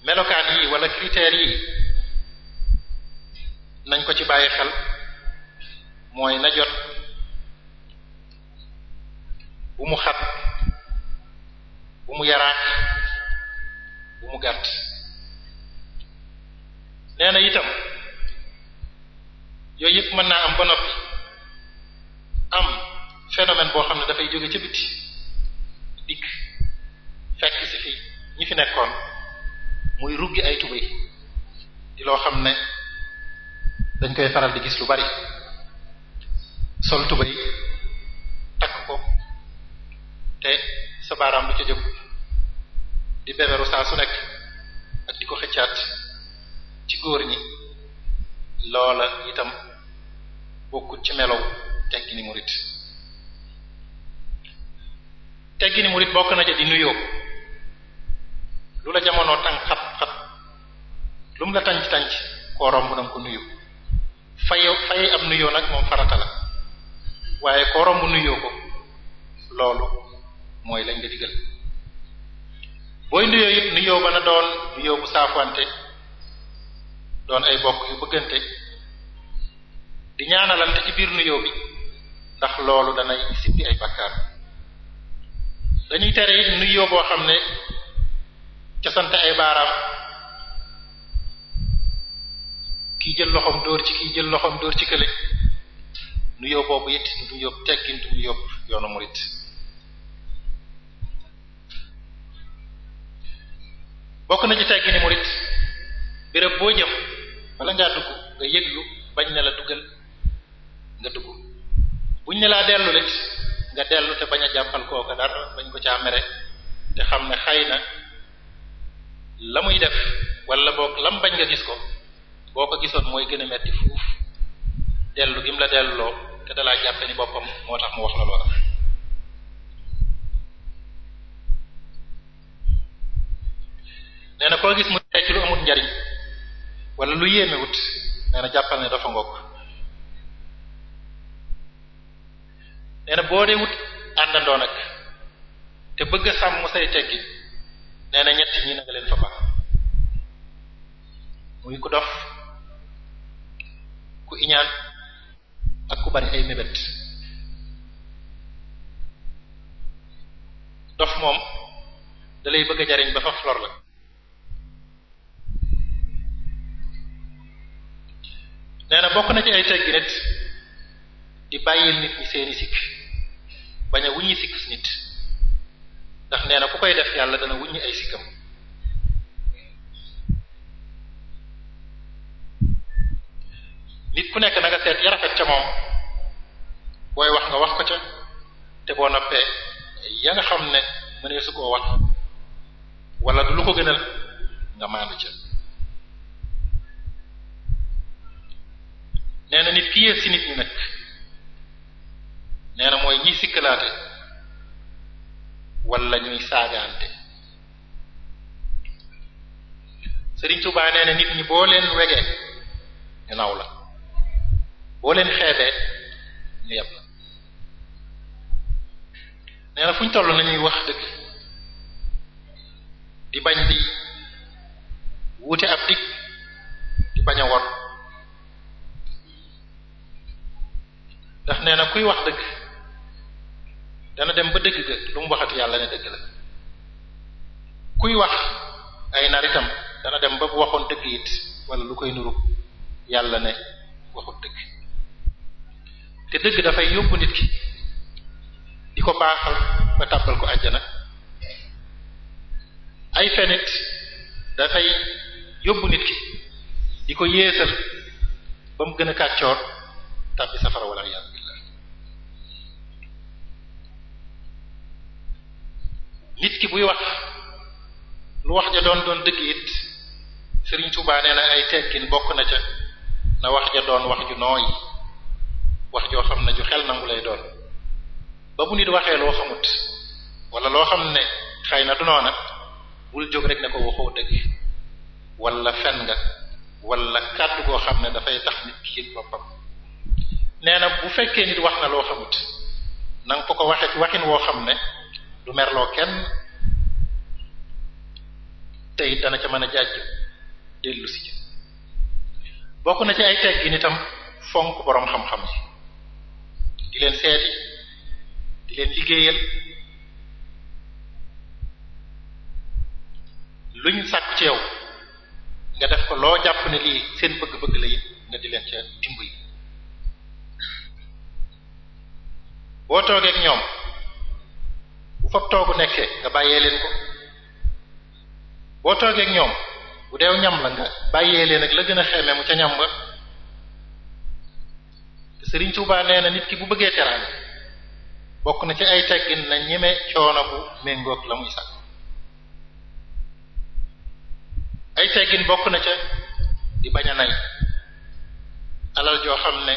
melokaan yi wala critères yi nañ ko ci bàyyi xel mooy na jot bu mu xat bu mu yaraax bu mu gàtt nee itam yooyu yëpp mën naa am ba noppi am phénomène boo xam ne dafay jóge ca biti dikk fekk si fi ñi fi nekkoon muy ruggi ay tubéy di loo xam ne dañ koy faral di gis lu bari sol tubéy takk ko te sa baaraam lu ca jóg di beberu saa su nekk ak di ko xëccaat ci góor ñi loola itam bokkut ci melow teggi ni murit teggi murit bokk na ca di nuyoo lu la jamono tànqat lu mu la tànc tànc koo romb na ko nuyu faye faye ab nuyoo nag moom farata la waaye koo romb nuyoo ko loolu mooy lañ la digal booy nuyoo it nuyoo ba na doon nuyoo bu saafante doon ay bokk yu bëggante di ñaanalante ci biir nuyoo bi ndax loolu danay sippi ay bakkaar dañuy tere it nuyoo boo xam ne ca ay baaraam kii jël loxoom dóor ci kii jël loxoom dóor ci kële nuyoo boobu it nuyoo teggin nuyoo yoonu bokk na ci teggini murit béréb boo jëm wala ngaa dugg nga yëglu bañ ne la duggal nga dugg buñ ne laa dellu lit nga dellu te bañ a jàppal kooka dara bañ ko caa mere te xam ne xay na la muy def wala boog lam bañ nga gis ko boo ko gisoon mooy gën a metti fuuf dellu gi mu la delloo te dalaa jàppe boppam moo tax mu wax la loola nee koo gis mu tecc lu amut njariñ wala lu yéemewut nee na jàppal ne dafa ngokk nee boo dee wut àndandoo nag te bëgg a sàmm say teggi nee na ñi na leen fa baax muy ku dof ku iñaan ak ku bari ay mébét dof moom dalay bëgg a jariñ ba fa flor la nee bokk na ci ay teggi nit di bàyyil nit ñi seeni sikk bañ a wuññi sikk nit ndax nee na ku koy def yàlla dana wuññi ay sikkam nit ku nekk na nga seet ya ca moom booy wax nga wax ko ca te boo noppee ya nga xam ne mënee su koo wax wala du lu ko gënal nga maandu ca nee na nit ki yées ci nit ñi nag nee na mooy ñiy sikkalaate wala ñuy saagaante Sëriñ Tuubaa nee na nit ñi boo leen wegee ñu naw la boo leen xeebee ñu yàpp nee na fu ñu toll nañuy wax dëgg di bañ di wuute ab dig di bañ a wor ndax nee na kuy wax dëgg dana dem ba dëgg ga lu mu waxati yàlla ne dëgg la kuy wax ay naritam dana dem ba bu waxoon dëgg it wala lu koy nuru yàlla ne waxut dëgg te dëgg dafay yóbbu nit ki di ko baaxal ba tàbbal ko àjjana ay fenit dafay yóbbu nit ki di ko yéesal ba mu gën a kàccoor tàbbi safara wala iyaazu billah nit ki buy wax lu wax ja doon doon dëgg it Sëriñ Tuubaa la ay teggin bokk na ca na wax ja doon wax ju nooy wax joo xam ne ju xel nangu lay doon ba bu nit waxee loo xamut wala loo xam ne xëy na du noona bul jóg rek ne ko waxoo dëgg wala fen nga wala kàddu goo xam ne dafay tax nit ki yëg boppam nee na bu fekkee nit wax na loo xamut na nga ko ko waxee ci waxin woo xam ne du merloo kenn te dana ca mën a jàjj dellu si bokk na ci ay teggin itam fonk boroom xam-xam yi di leen seeti di leen liggéeyal ñu sàkku ci yow nga def ko loo jàpp ne lii seen bëgg-bëgg la nga di leen ca dimbali boo toogee ak ñoom bu fab toogu nekkee nga bàyyee leen ko boo toogee ñoom bu deew ñam la nga bàyyee leen ak la gën a xeme ca ñam ba Serigne Touba nee na nit ki bu bëggee teraanga bokk na ci ay teggin na ñeme coono bu méngoog la muy sax ay teggin bokk na ca di bañ a nay alal joo xam ne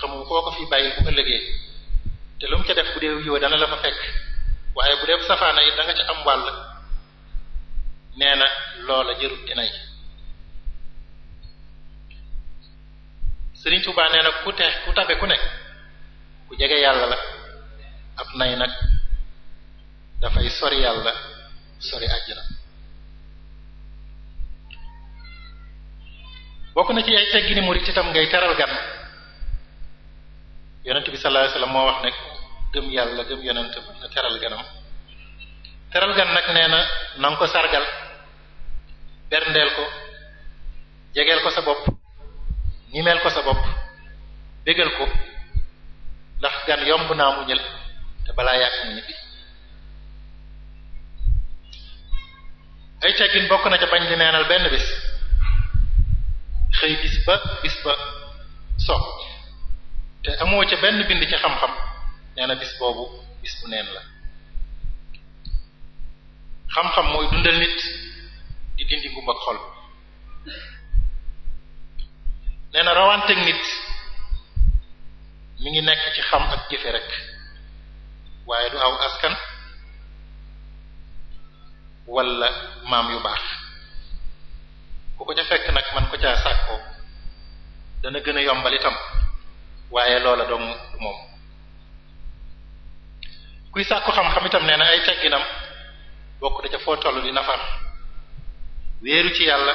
xamu koo ko fi bàyyi bu ëllëgee te lu mu ca def bu dee yow dana la fa fekk waaye bu dee safaana yi da nga ca am wàll nee na loola jërut di nay Serigne Touba nee na ku te ku tabe ku nekk ku jege yàlla la ab nay nag dafay sori yàlla sori àjjana bokk na ci ay teggini murit itam ngay teral gan yonent bi sallallahu alayhi wasallam moo wax ne gëm yàlla gëm yonent bi na teral ganam teral gan nag nee na na ko sargal berndeel ko jegeel ko sa bopp ñimeel ko sa bopp bégal ko ndax gan yomb naa mu ñël te balaa yàgg mu ay teggin bokk na ca bañ di neenal benn bis xëy bis ba bis ba so te amoo ca benn bind ci xam-xam nee na boobu bis bu neen la xam-xam mooy dundal nit di dindi ngumb xol nee na rawanteeg nit mi ngi nekk ci xam ak jëfe rek waaye du aw askan wala maam yu baax ku ko ca fekk nag man ko caa sàkkoo dana gën a yombal itam waaye loola dong du moom kuy sàkku xam-xam itam nee na ay tegginam bokk da ca foo toll di nafar wéeru ci yàlla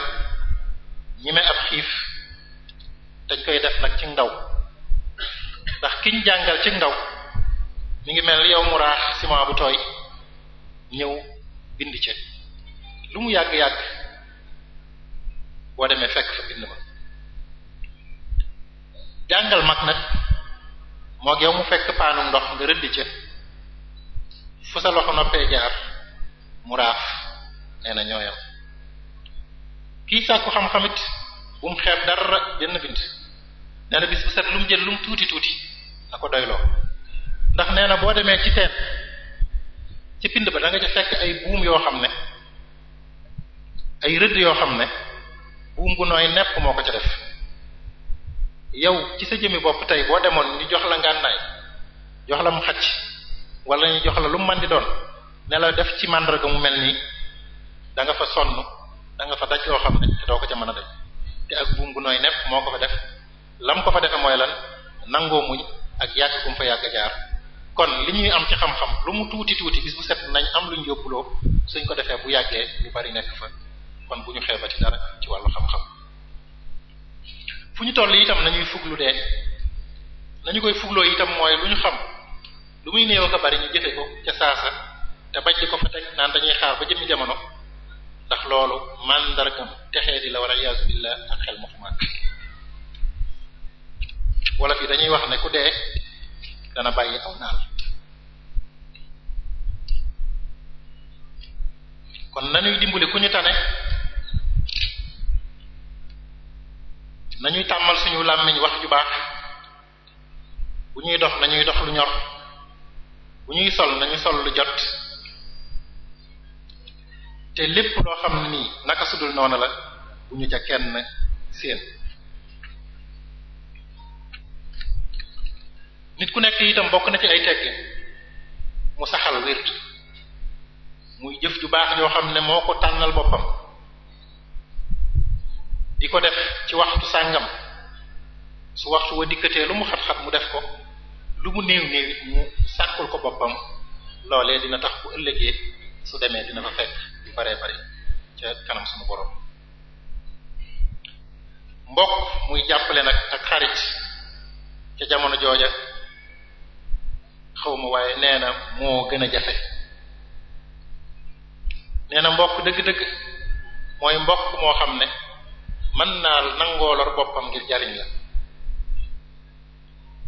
ñime ab xiif dañ koy def nag ci ndaw ndax kiñ jàngal ci ndaw mu ngi mel ni yow mu raax bu tooy ñëw bind ci lu mu yàgg-yàgg boo demee fekk fa bind ma jàngal mag nag moo yow mu fekk paanu ndox nga rëdd ca fu sa loxo noppee jaar mu nee na ñooyam kii sàkku xam-xamit bu mu xeeb dara jënd bind nee na bis bu set lu mu jël lu mu tuuti tuuti na ko doyloo ndax nee na boo demee ci teen ci bind ba da nga ca fekk ay buum yoo xam ne ay rëdd yoo xam ne buum gu nooy nepp moo ko ca def yow ci sa jëmmi bopp tey boo demoon ñu jox la ngànnaay jox la mu xacc wala ñu jox la lu mu mën di doon ne la def ci màndarga mu mel nii da nga fa sonn da nga fa daj yoo xam ne doo ko ca mën a daj te ak buum gu nooy nepp moo ko fa def lam ko fa defe mooy lan nangoo muñ ak yàgg gu mu fa yàgg jaar kon li ñuy am ci xam-xam lu mu tuuti tuuti bis bu set nañ am lu ñu yóbbuloo suñ ko defee bu yàggee lu bari nekk fa kon bu ñu xeebati dara ci wàllu xam-xam fu ñu toll itam nañuy fuglu dee nañu koy fugloo itam mooy lu ñu xam lu muy néew ka bari ñu jëfe ko ca saasa te bañ di ko fa teg naan dañuy xaar ba jëmmi jamono ndax loolu màndargam texee di la wala yaasu billah ak xel mu xumaat wala fi dañuy wax ne ku dee dana bàyyi aw naal kon nañuy dimbali ku ñu tane nañuy tàmbal suñu làmmiñ wax ju baax bu ñuy dox nañuy dox lu ñor bu ñuy sol nañu sol lu jot te lépp loo xam ne nii naka sudul noonu la bu ñu ca kenn seen nit ku nekk itam bokk na ci ay tegg mu saxal wird muy jëf ju baax yoo xam ne moo ko tànnal boppam di ko def ci waxtu sàngam su waxtu wa dikkatee lu mu xat-xat mu def ko lu mu néew néew mu sàkkul ko boppam loolee dina tax bu ëllëgee su demee dina ko fekk bare bari ca kanam suñu borom mbokk muy jàppale nag ak xarit ca jamono jooja xawma waaye nee na moo gën a jafe nee na mbokk dëgg-dëgg mooy mbokk moo xam ne mën naa nangoo lor boppam ngir jariñ la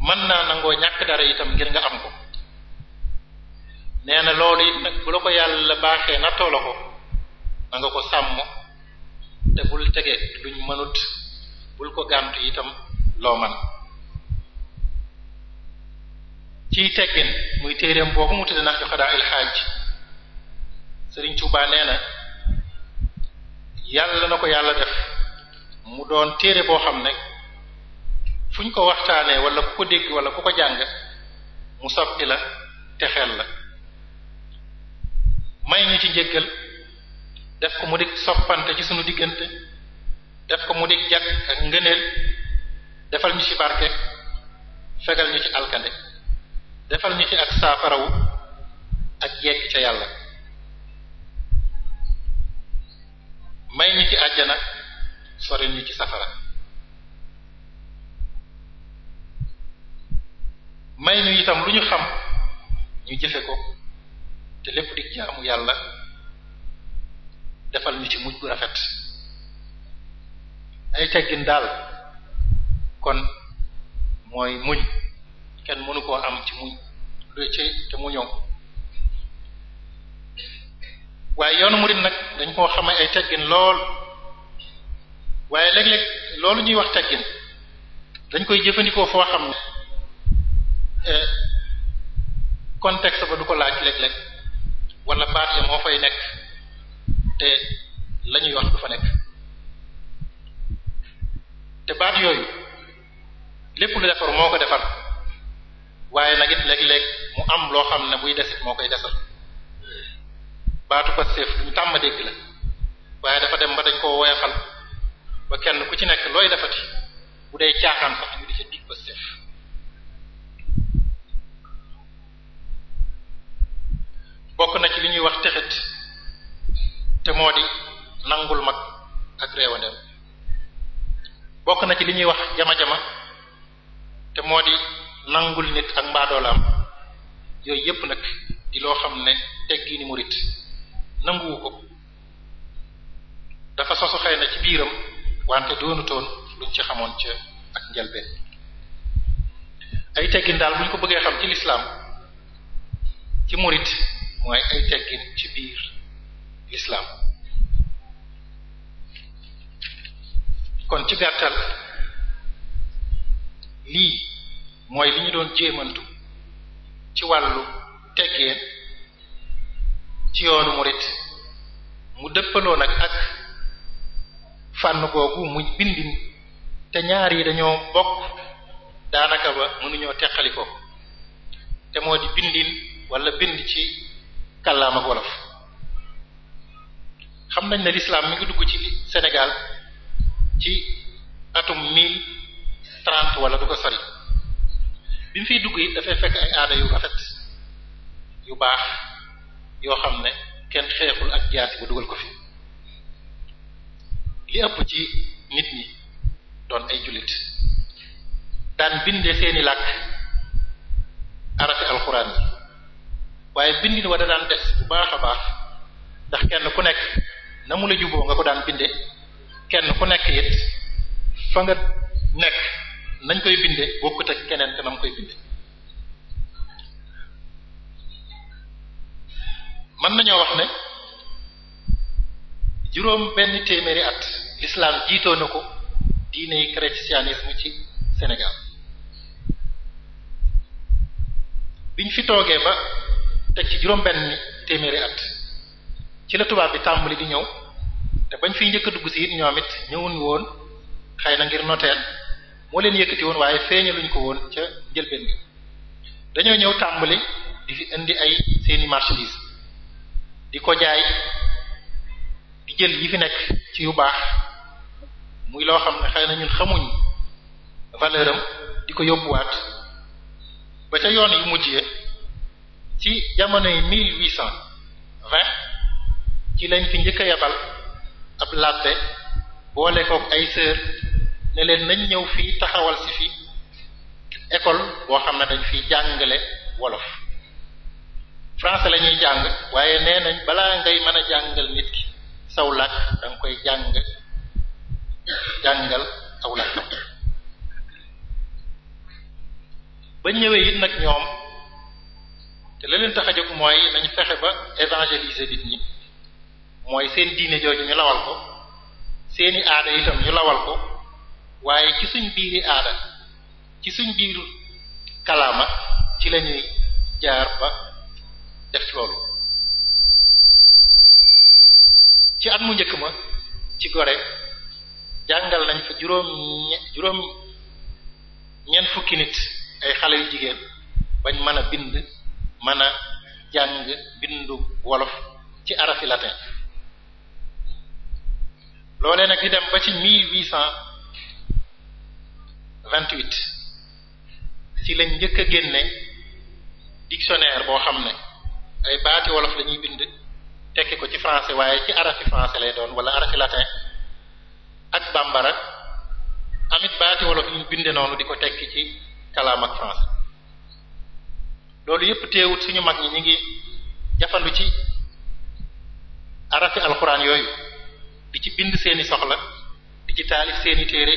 mën naa nangoo ñàkk dara itam ngir nga am ko nee na loolu it nag bu la ko yàlla baaxee nattoo la ko na ko sàmm te bul tege luñ mënut bul ko gàntu itam loo man ciy teggin muy téereem boobu mu tudde Nahju Qadaa'il Haaj Sëriñ Tuubaa nee na yàlla na ko yàlla def mu doon téere boo xam ne fu ñu ko waxtaanee wala ku ko dégg wala ku ko jàng mu soppi la texeel la may ñu ci njëggal def ko mu di soppante ci sunu diggante def ko mu dégg jag ak ngëneel defal ñu ci barke fegal ñu ci alkande defal ñu ci ak saafarawu ak yegg ca yàlla may ñu ci àjjana sori ñu ci safara may ñu itam lu ñu xam ñu jëfe ko te lépp di jaamu yàlla defal ñu ci muñ bu rafet ay teggin daal kon mooy muñ kenn mënu koo am ci muñ te muñoo waaye yoonu murid nag dañ koo xame ay teggin lool waaye léeg-léeg loolu ñuy wax teggin dañ koy jëfandikoo foo xam ne eh, contexte ba du ko laaj léeg-léeg wala baat ya moo fay nekk te lañuy ñuy wax du fa nekk te baat yooyu lépp lu defar moo ko defar waaye nag it léeg-léeg mu am loo xam ne buy desit moo koy defar baatu ko séef luñu tàmm dégg la waaye dafa dem ba dañ koo woyafal ba kenn ku ci nekk looy defati bu dee caaxaan sax ñu di ca bokk na ci li ñuy wax texit te moo di nangul mag ak réewandem bokk na ci li ñuy wax jama-jama te moo di nangul nit ak mbaadoolam yooyu yépp nag di loo xam ne teggi ni murit nanguwu ko dafa sosu xëy na ci biiram wante doonutoon luñ ci xamoon ca ak njalbeen ay teggin daal bu ñu ko bëggee xam ci lislaam ci murit mooy ay teggin ci biir lislaam kon ci gàttal lii mooy li ñu doon jéemantu ci wàllu teggeen ci yoonu murit mu dëppaloo nag ak fànn googu mu bindin te ñaar yi dañoo bokk daanaka ba mënuñoo teqali ko te moo di bindin wala bind ci kàllaama wolof xam nañ ne lislaam mi ngi dugg ci Sénégal ci atum mille trente wala du ko sori bi mu fiy dugg it dafay fekk ay aada yu rafet yu baax yoo xam ne kenn xeexul ak jaasi ba dugal ko fi li ëpp ci nit ñi doon ay jullit daan binde seeni làkk arafi alxuraan yi waaye bindin wa da daan des bu baax a baax ndax kenn ku nekk na mu la juboo nga ko daan binde kenn ku nekk it fa nga nekk nañ koy binde bokkut ak keneen te na mu koy binde mën nañoo wax ne juróom benn téeméeri at l'islam jiitoo na ko diiney christianisme ci Sénégal biñ fi toogee ba teg ci juróom benn téeméeri at ci la tubaab bi tàmbali di ñëw te bañ fiy njëkk dugg si it ñoom woon xëy na ngir noteel moo leen yëkkati woon waaye feeñaluñ ko woon ca njëlbeen bi dañoo ñëw tàmbali di fi indi ay seeni marchandises di ko jaay di jël yi fi nekk ci yu baax muy loo xam ne xëy na ñun xamuñ valeur di ko yóbbuwaat ba ca yoon yu mujjee ci jamonoy ci lañ fi njëkk a yabal ab labbe boole kook ay sœur ne nañ ñëw fii taxawal si fi école boo xam ne dañ fiy jàngale wolof français lañuy ñuy jàng waaye nee nañ balaa ngay mën a jàngal nit ki saw làkk da koy jàng jàngal aw làkkam ba ñëwee it nag ñoom te la leen tax a jóg mooy nañu fexe ba évangéliser nit mooy seen diine jooju ñu lawal ko seeni aada itam ñu lawal ko waaye ci suñ biiri aada ci suñ biiru kalaama ci lañuy jaar ba def loolu ci at mu njëkk ma ci gore jàngal nañ fa juróom juróom ñeent fukki nit ay xale yu jigéen bañ mën a bind mën a jàng bindu wolof ci arafi latin loolee nag di dem ba ci mille huit cent vingt ci lañ njëkk a génne dictionnaire boo xam ne ay baati wolof la bind tekki ko ci français waaye ci arafi français lay doon wala arafi latin ak bambara amit baati wolof ñu binde noonu di ko tekki ci kalaam ak français loolu yëpp teewut suñu mag ñi ñu ngi jafandu ci arafi alxuraan yooyu di ci bind seeni soxla di ci taalif seeni téere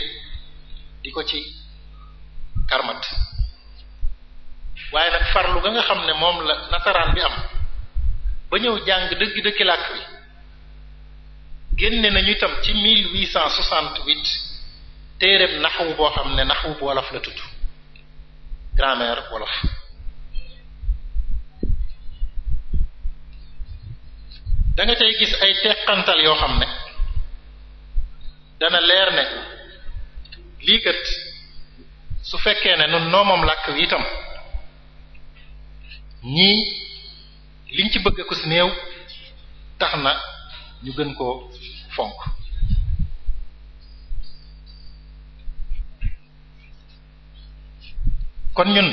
di ko ci karmat waaye nag farlu ga nga xam ne moom la nasaraan bi am ba ñëw jàng dëgg-dëgg làkk bi génne nañu itam ci 1868 téereem naxwu boo xam ne naxwu bu wolof la tudd grammaire wolof da nga gis ay teqantal yoo xam ne dana leer ne lii su fekkee ne nun noo làkk wi itam ñii liñ ci bëgg ko si néew tax na ñu gën koo fonk kon ñun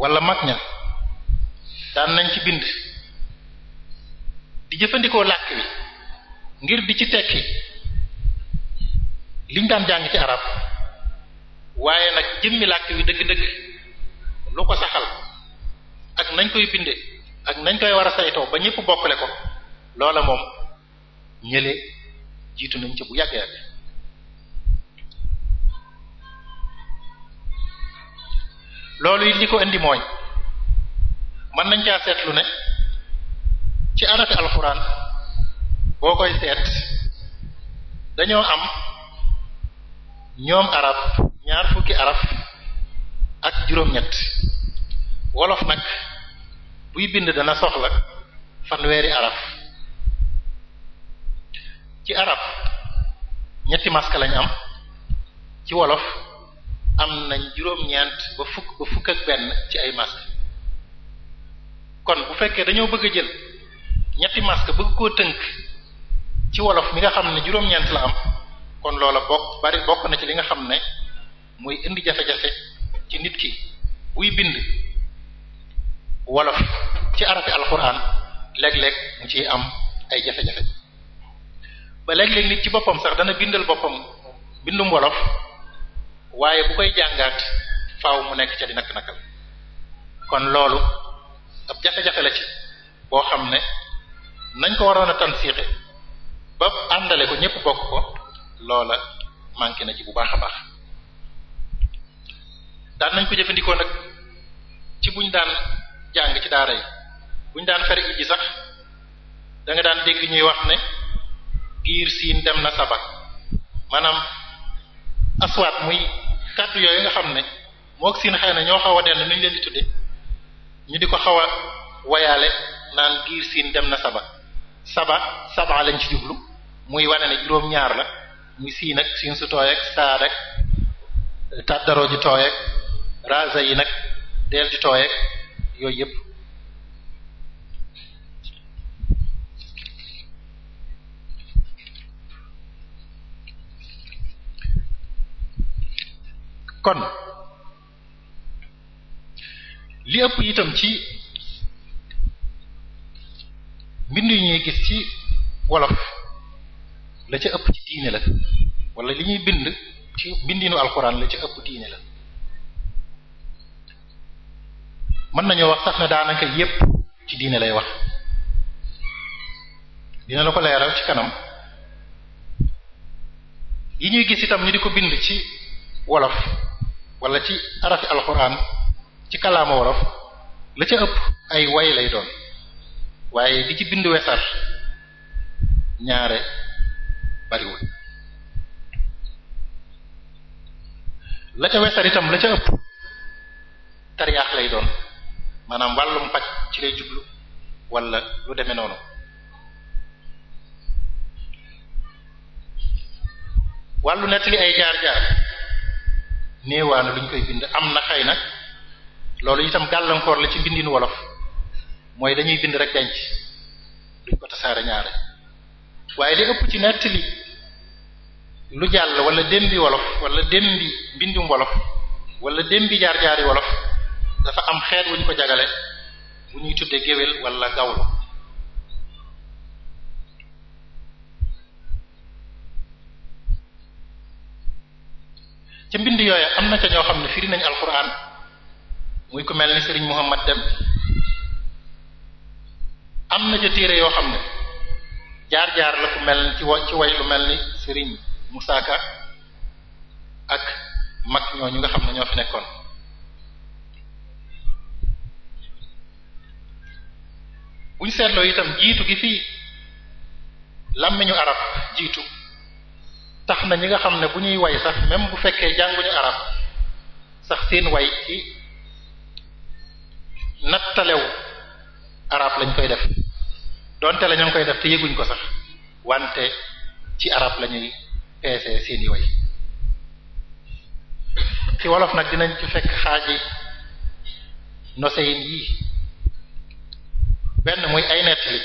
wala mag ña daan nañ ci bind di jëfandikoo làkk wi ngir di ci tekki liñ daan jàng ci arab waaye nag jëmmi làkk wi dëgg-dëgg lu ko saxal ak nañ koy binde ak nañ koy war a saytoo ba ñëpp bokkale ko loola moom ñële jiitu nañ ca bu yàgg yàgg loolu it li ko indi mooy mën nañ caa seetlu ne ci anati alxuraan boo koy seet dañoo am ñoom arab ñaar fukki arab ak juróom-ñett wolof nag buy bind dana soxla fanweeri arab ci arab ñetti maska lañ am ci wolof am nañ juróom-ñeent ba fukk ba fukk ak benn ci ay maska kon bu fekkee dañoo bëgg a jël ñetti maska bëgg koo tënk ci wolof mi nga xam ne juróom-ñeent la am kon loola bokk bari bokk na ci li nga xam ne muy indi jafe-jafe ci nit ki buy bind wolof ci arafi alxuraan léeg-léeg mu ciy am ay jafe-jafe ba léeg-léeg nit ci boppam sax dana bindal boppam bindum wolof waaye bu koy jàngaat faw mu nekk ca di nakk nakal kon loolu ab jafe-jafe la ci boo xam ne nañ ko waroon a tansiixee ba àndale ko ñëpp bokk ko loola manqué na ci bu baax a daan nañ ko jëfandikoo nag ci buñ daan jàng ci daara yi buñ daan fere ji sax da nga daan dégg ñuy wax ne giir siin dem na saba maanaam aswaat muy kàddu yooyu nga xam ne moog siin xëy na ñoo xaw a dell nu ñu leen di tudde ñu di ko xaw a wayaale naan giir siin dem na saba saba saba lañ ci jublu muy wane ne juróom-ñaar la muy siin ak siin su tooy ak tàddaroo ju tooy raza yi nag deel ju tooy ak yooyu yëpp kon li ëpp itam ci mbind yi ñuy gis ci wolof la ca ëpp ci diine la wala li ñuy bind ci bindinu alxuraan la ca ëpp diine la mën nañu wax sax ne daanaka yépp ci diine lay wax dina la ko leeral ci kanam yi ñuy gis itam ñu di ko bind ci wolof wala ci arafi alxuraan ci kalaama wolof la ca ëpp ay way lay doon waaye di ci bind wesar ñaare bariwul la ca wesar itam la ca ëpp tariyaax lay doon maanaam wàllum paj ci lay jublu wala lu deme noonu wàllu nettali ay jaar-jaar néewaana luñ koy bind am na xay na loolu tam gàllankoor la ci bindiin wolof mooy dañuy bind rek denc duñ ko tasaare ñaare waaye li ëpp ci nettali lu jàll wala démbi wolof wala démbi mbindum wolof wala démbi jaar-jaari wolof dafa am xeet wu ñu ko jagale bu ñuy tudde géwél wala gawlo ca mbind yooya am na ca ñoo xam ne firi nañu alxuraan muy ko mel ni sëriñ Muhammad Dem am na ca téere yoo xam ne jaar-jaar la ku mel ci wa ci way lu mel ni sëriñ Moussa ak mag ñooñu nga xam ne ñoo fi nekkoon buñ seetloo itam jiitu gi fii làmmiñu arab jiitu tax na ñi nga xam ne bu ñuy way sax même bu fekkee jànguñu arab sax seen way ci nattalew arab lañ koy def donte la ñoo ngi koy def te yëguñ ko sax wante ci arab la ñuy peese seeni way ci wolof nag dinañ ci fekk xaaj yi noseyin yi benn muy ay nettali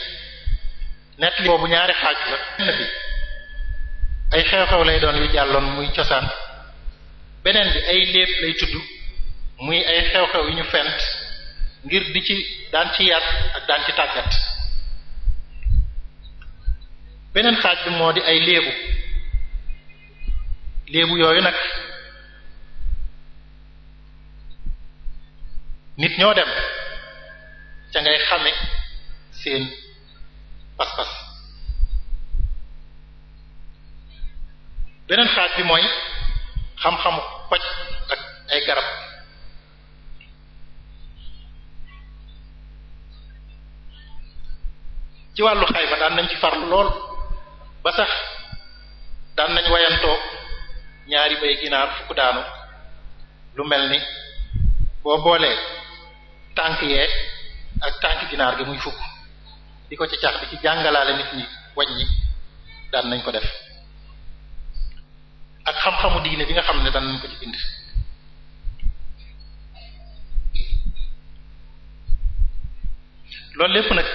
nettali boobu ñaari xaaj la benn bi ay xew-xew lay doon yu jàlloon muy cosaan beneen bi ay léeb lay tudd muy ay xew-xew yu ñu fent ngir di ci daan ci yar ak daan ci tàggat beneen xaaj bi moo di ay léebu léebu yooyu nag nit ñoo dem ca ngay xame seen pas-pas beneen xaaj bi mooy xam-xamu paj ak ay garab ci wàllu xayma daan nañ ci far lool ba sax daan nañ wayantoo ñaari bay ginaar fukk daanu lu mel ni boo boolee tànk yee ak tànk ginaar gi muy fukk di ko ci cax bi ci jàngalaale nit ñi wàññi daan nañ ko def ak xam-xamu diine bi nga xam ne daan nañ ko ci bind loolu lépp nag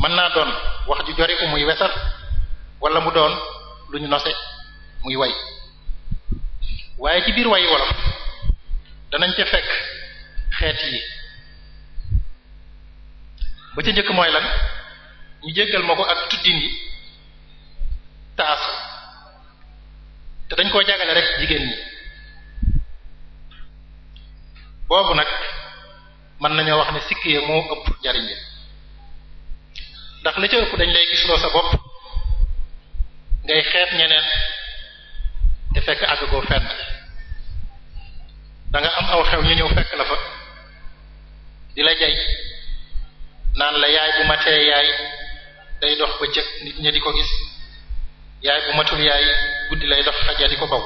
mën naa doon wax ju jori ko muy wesal wala mu doon lu ñu nose muy way waaye ci biir wayi wolof danañ ca fekk xeet yi ba ca njëkk mooy lan ñu jëkkal ma ko ak tuddin yi taas te dañ koo jagale rek jigéen ñi boobu nag mën nañoo wax ne sikk yee moo ëpp njariñ ndax li ca ëpp dañ lay gisloo sa bopp ngay xeeb ñeneen te fekk àgg koo fenn da nga am aw xew ñu ñëw fekk la fa di la jay naan la yaay bu matee yaay day dox ba jëkk nit ña di ko gis yaay bu matul yaay guddi lay dox xaj di ko kaw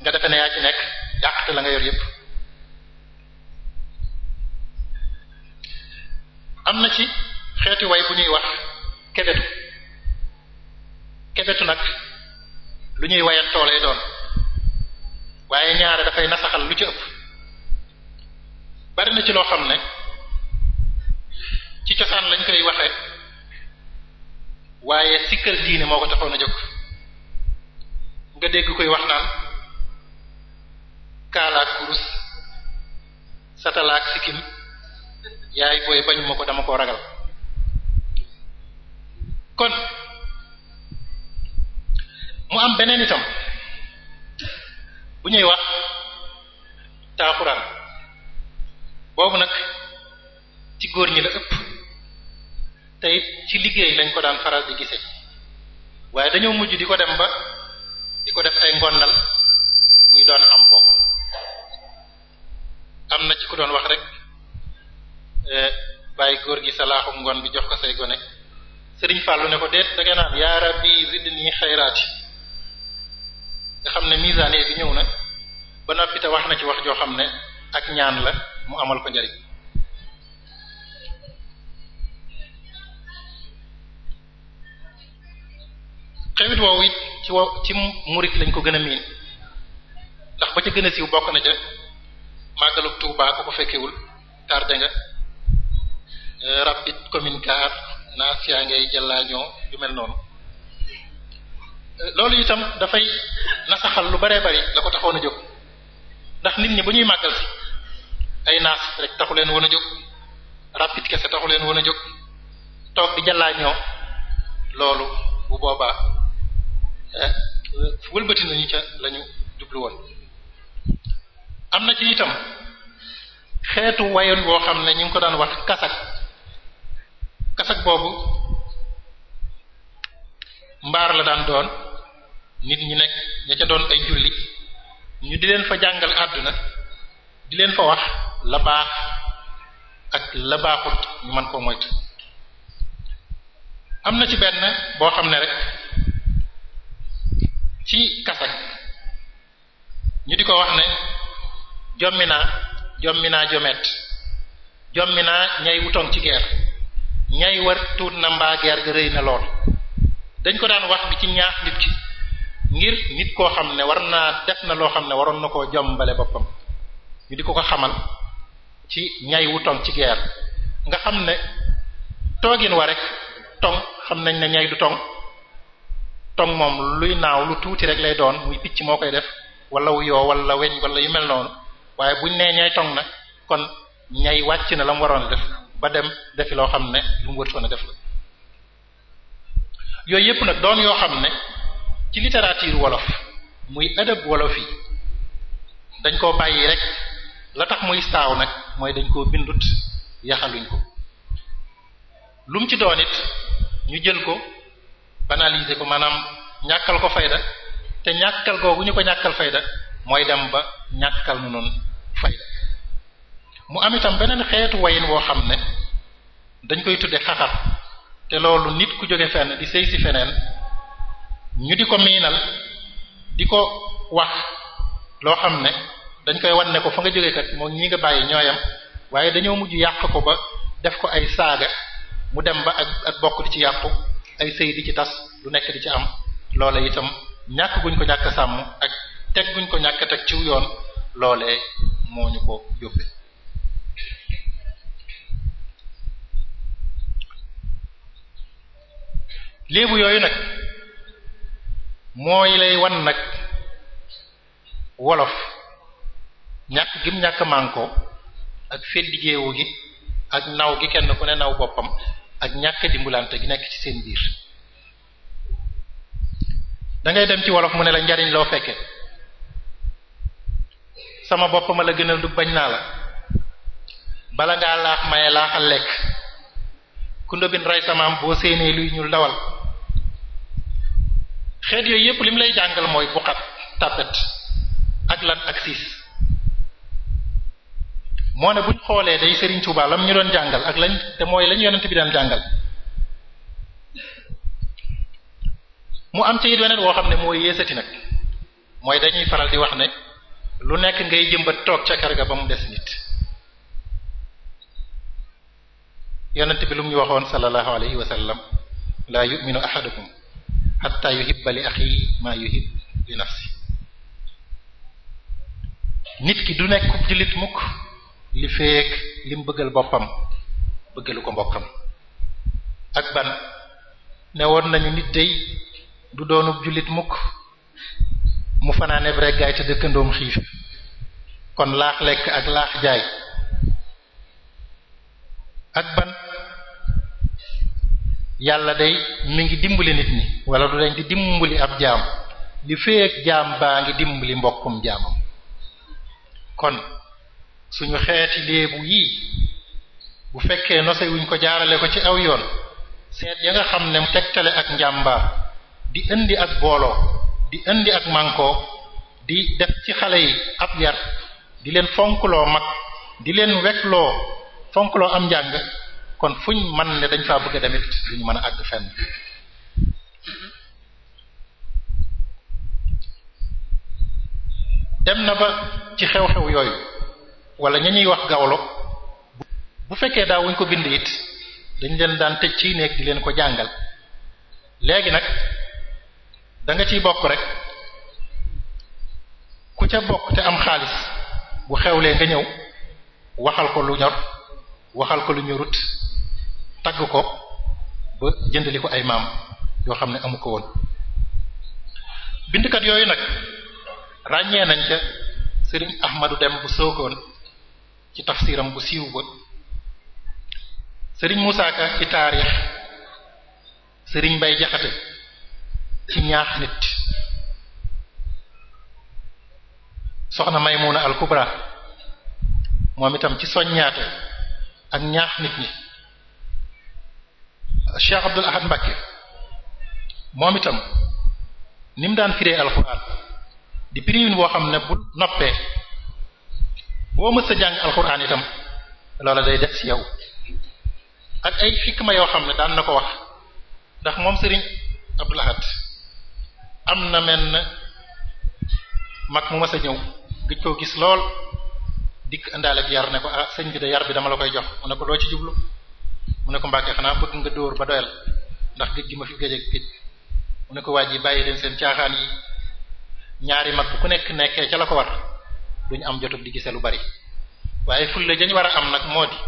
nga defe ne yaa ci nekk yàqte la nga yor yépp am na ci xeeti way bu ñuy wax kebetu kefetu nag lu ñuy wayantoo lay doon waaye ñaare dafay nasaxal lu ci ëpp bari na ci loo xam ne ci cosaan lañ koy waxe waaye sikkal diine moo ko taxoon a jóg nga dégg koy wax naan kaalaak kurus satalaak sikkim yaay booy bañ ko dama ko ragal kon mu am beneen itam bu ñuy wax taaxuraan boobu nag ci góor ñi la ëpp te it ci liggéey lañ ko daan faral di gise waaye dañoo mujj di ko dem ba di ko def ay nal muy doon am po am na ci ku doon wax rek eh, bàyyi góor gi sa laaxu ngoon bi jox ko say gone Sëriñ Fàllu ne ko déet da nga naan yaa rabbi zidni xayraati xam ne misaane bi ñëw na ba noppi te wax na ci wax joo xam ne ak ñaan la mu amal ko njariñ xewit woowu it ci wow ci murit lañ ko gën a miin ndax ba ca gën a siiw bokk na ca màggalu Tuubaa ku ko fekkewul tardé nga rapide commune car naas yaa ngay jëllaañoo yu mel noonu loolu itam dafay nasaxal lu baree bari la ko taxoon a jóg ndax nit ñi ba ñuy màggal si ay naas rek taxu leen woon a jóg rapide kese taxu leen woon a jóg toog di jàllaa loolu bu boobaa eh, wëlbati nañu ca lañu jublu woon am na ci itam xeetu wayoon boo xam ne ñu ngi ko daan wax kasak kasak boobu mbaar la daan doon nit ñi nekk ña ca doon ay jullit ñu di leen fa jàngal àdduna di leen fa wax la baax ak la baaxut ñu koo moytu am na ci benn boo xam ne rek ci kasak ñu di ko wax ne jommi naa jommi naa jomet jommi naa ñay wutoon ci guerre ñay war tuut na mbaa guerre ga rëy na lool dañ ko daan wax bi ci ñaax nit ngir nit koo xam ne war naa def na loo xam ne waroon na koo jombale boppam ñu di ko ko xamal ci ñay wu tong ci geer nga xam ne toogin wa rek tong xam nañ ne ñay du tong moom luy naaw lu tuuti rek lay doon muy picc moo koy def wala wu yoo weñ wala yu mel noonu waaye buñ nee ñay tong nag kon ñay wàcc na la mu waroon a def ba dem defi loo xam ne lu mu wërtoon a def la yooyu yépp nag doon yoo xam ne ci littérature wolof muy ëdëb wolof yi dañ koo bàyyi rek la tax muy saaw nag mooy dañ koo bindut yaxaluñ ko lu ci doon it ñu jël ko banaliser ko maanaam ñàkkal ko fayda te ñàkkal googu ñu ko ñàkkal fayda mooy dem ba ñàkkal nu noonu fayda mu am itam beneen xeetu wayin woo xam ne dañ koy tudde xaxar te loolu nit ku jóge fenn di sëy si feneen ñu di ko miinal di ko wax loo xam ne dañ koy wan ne ko fa nga jógee kat moom ñi nga bàyyi ñooyam waaye dañoo mujj yàq ko ba def ko ay saaga mu dem ba ak ak bokk di ci yàqu ay sëy di ci tas lu nekk di ci am loola itam ñàkk guñ ko ñàkk sàmm ak teg guñ ko ñàkk teg ciw yoon loolee moo ñu ko yóbbe léebu yooyu nag mooy lay wan nag wolof ñàkk gim ñàkk mànko ak feddigeewu gi ak naw gi kenn ku ne naw boppam ak ñàkk dimbulante gi nekk ci seen biir dangay dem ci wolof mu ne la njariñ loo fekke sama bopp ma la gënal du bañ naa la bala ngaa laax maye laaxal lekk kundobin rey samaam boo séenee luy ñuul dawal xeet yooyu yépp lim lay jàngal mooy buqat tàppet ak lan ak siis moo ne buñ xoolee day sëriñ Touba lam ñu doon jàngal ak lañ te mooy lañ yonent bi daan jàngal mu am ci it weneen woo xam ne mooy yéesati nag mooy dañuy faral di wax ne lu nekk ngay jëmbat toog ca kër ga ba mu des nit yonent bi lu mu ñu waxoon sallallahu alayhi wa laa yu'minu ahadukum xatta yuhibba li axi maa yuhib li nafsi nit ki du nekk jullit mukk li feek lim bëggal boppam bëggalu ko mbokkam ak ban ne woon nañu nit day du doonub jullit mukk mu fanaane vrai gaay te dëkkandoom xiif kon laax lekk ak laax jaay ak ban yàlla day mu ngi dimbali nit ni wala du dañ di dimbali ab jaam li feek jaam baa ngi dimbali mbokkum jaamam kon suñu xeeti léebu yii bu fekkee nose ko jaarale ko ci aw yoon seet ya nga xam ne tegtale ak njàmbaar di indi ak booloo di indi ak mànkoo di def ci xale yi ab yar di leen fonkloo mag di leen wekloo fonkloo am njàng kon fuñ man ne dañ faa bëgg a demit duñ mën a àgg fenn dem na ba ci xew-xew yooyu wala ña ñuy wax gawlo bu fekkee daa wuñ ko bind it dañ leen daan tëj ci nekk di leen ko jàngal léegi nag danga ciy bokk rek ku ca bokk te am xaalis bu xew xewlee nga ñëw waxal ko lu ñor waxal ko lu ñorut tagg ko ba jëndali ko ay maam yoo xam ne amu ko woon bindkat yooyu nag ràññee nañ ca sëriñ ahmadu dem bu sookoon ci tafsiram bu siiw ba sëriñ Moussa Ka ci taarix sëriñ Mbay Jaxate ci ñaax nit soxna Maymuna al Kubra moom itam ci soññaate ak ñaax nit ñi Cheikh Abdul Ahad Mbacke moom itam ni mu daan firee alxuraan di piriwin boo xam ne bu noppee boo mës a jàng alxuraan itam loola day def ci yow ak ay xikma yoo xam ne daan na ko wax ndax moom sëriñ Abdul Ahad am na menn mag mu mës a ñëw gëj koo gis lool dikk indaale ak yar ne ko ah, sëñ bi de yar bi dama la koy jox mu ne ko doo ci jublu mu ne ko Mbàkke xanaa bëgg nga dóor ba doyal ndax géej gi ma fi géej ak mu ne ko waa ji bàyyi leen seen caaxaan yi ñaari mag bu ku nekk nekkee ca la ko war ñu am jotug di gisee lu bari waaye fulle dañu war a am nag moo di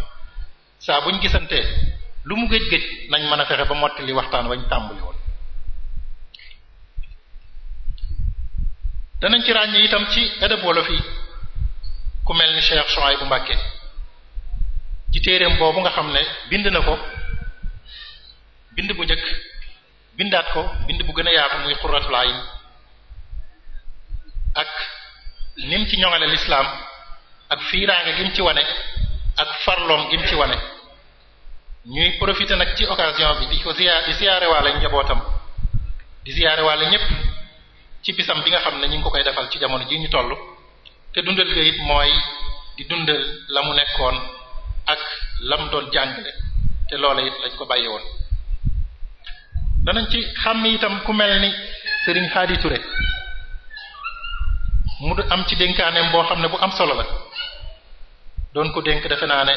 saa buñ gisantee lu mu géej géej nañ mën a fexe ba mottali waxtaan wañ tàmbali woon danañ ci ràññee itam ci adab wolof yi ku mel ni Cheikh Souhaïbou Mbacké ci téereem boobu nga xam ne bind na ko bind bu njëkk bindaat ko bind bu gën a yaatu muy xuratul ak nim ci ñoŋale lislaam ak fiiraange gim ci wane ak farloom gim ci wane ñuy profiter nag ci occasion bi di ko ziyaar di ziyaare waale njabootam di ziyaare waale ñépp ci bisam bi nga xam ne ñu ngi ko koy defal ci jamono ji ñu toll te dundal ga it mooy di dundal la mu nekkoon ak lam doon jàngale te loola it lañ ko bàyyi woon danañ ci xam itam ku mel ni Serigne Hadi Touré mu am ci dénkaaneem boo xam ne bu am solo la doon ko dénk defe naa ne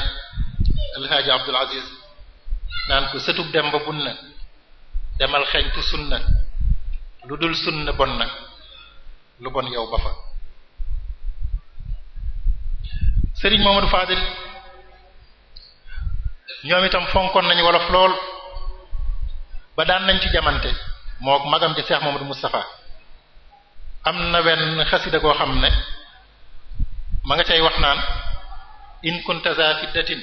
alhaaji Abdul Aziz naan ko sëtub dem ba bun na demal xeñtu sunna lu dul sunna bon na lu bon yow ba fa Serigne Mamadou Fadil ñoom itam fonkoon nañu wolof lool ba daan nañ ci jamante moo magam ci Cheikh Mamadou Moustapha am na wenn xasida koo xam ne ma nga cay wax naan in kunta za fiddatin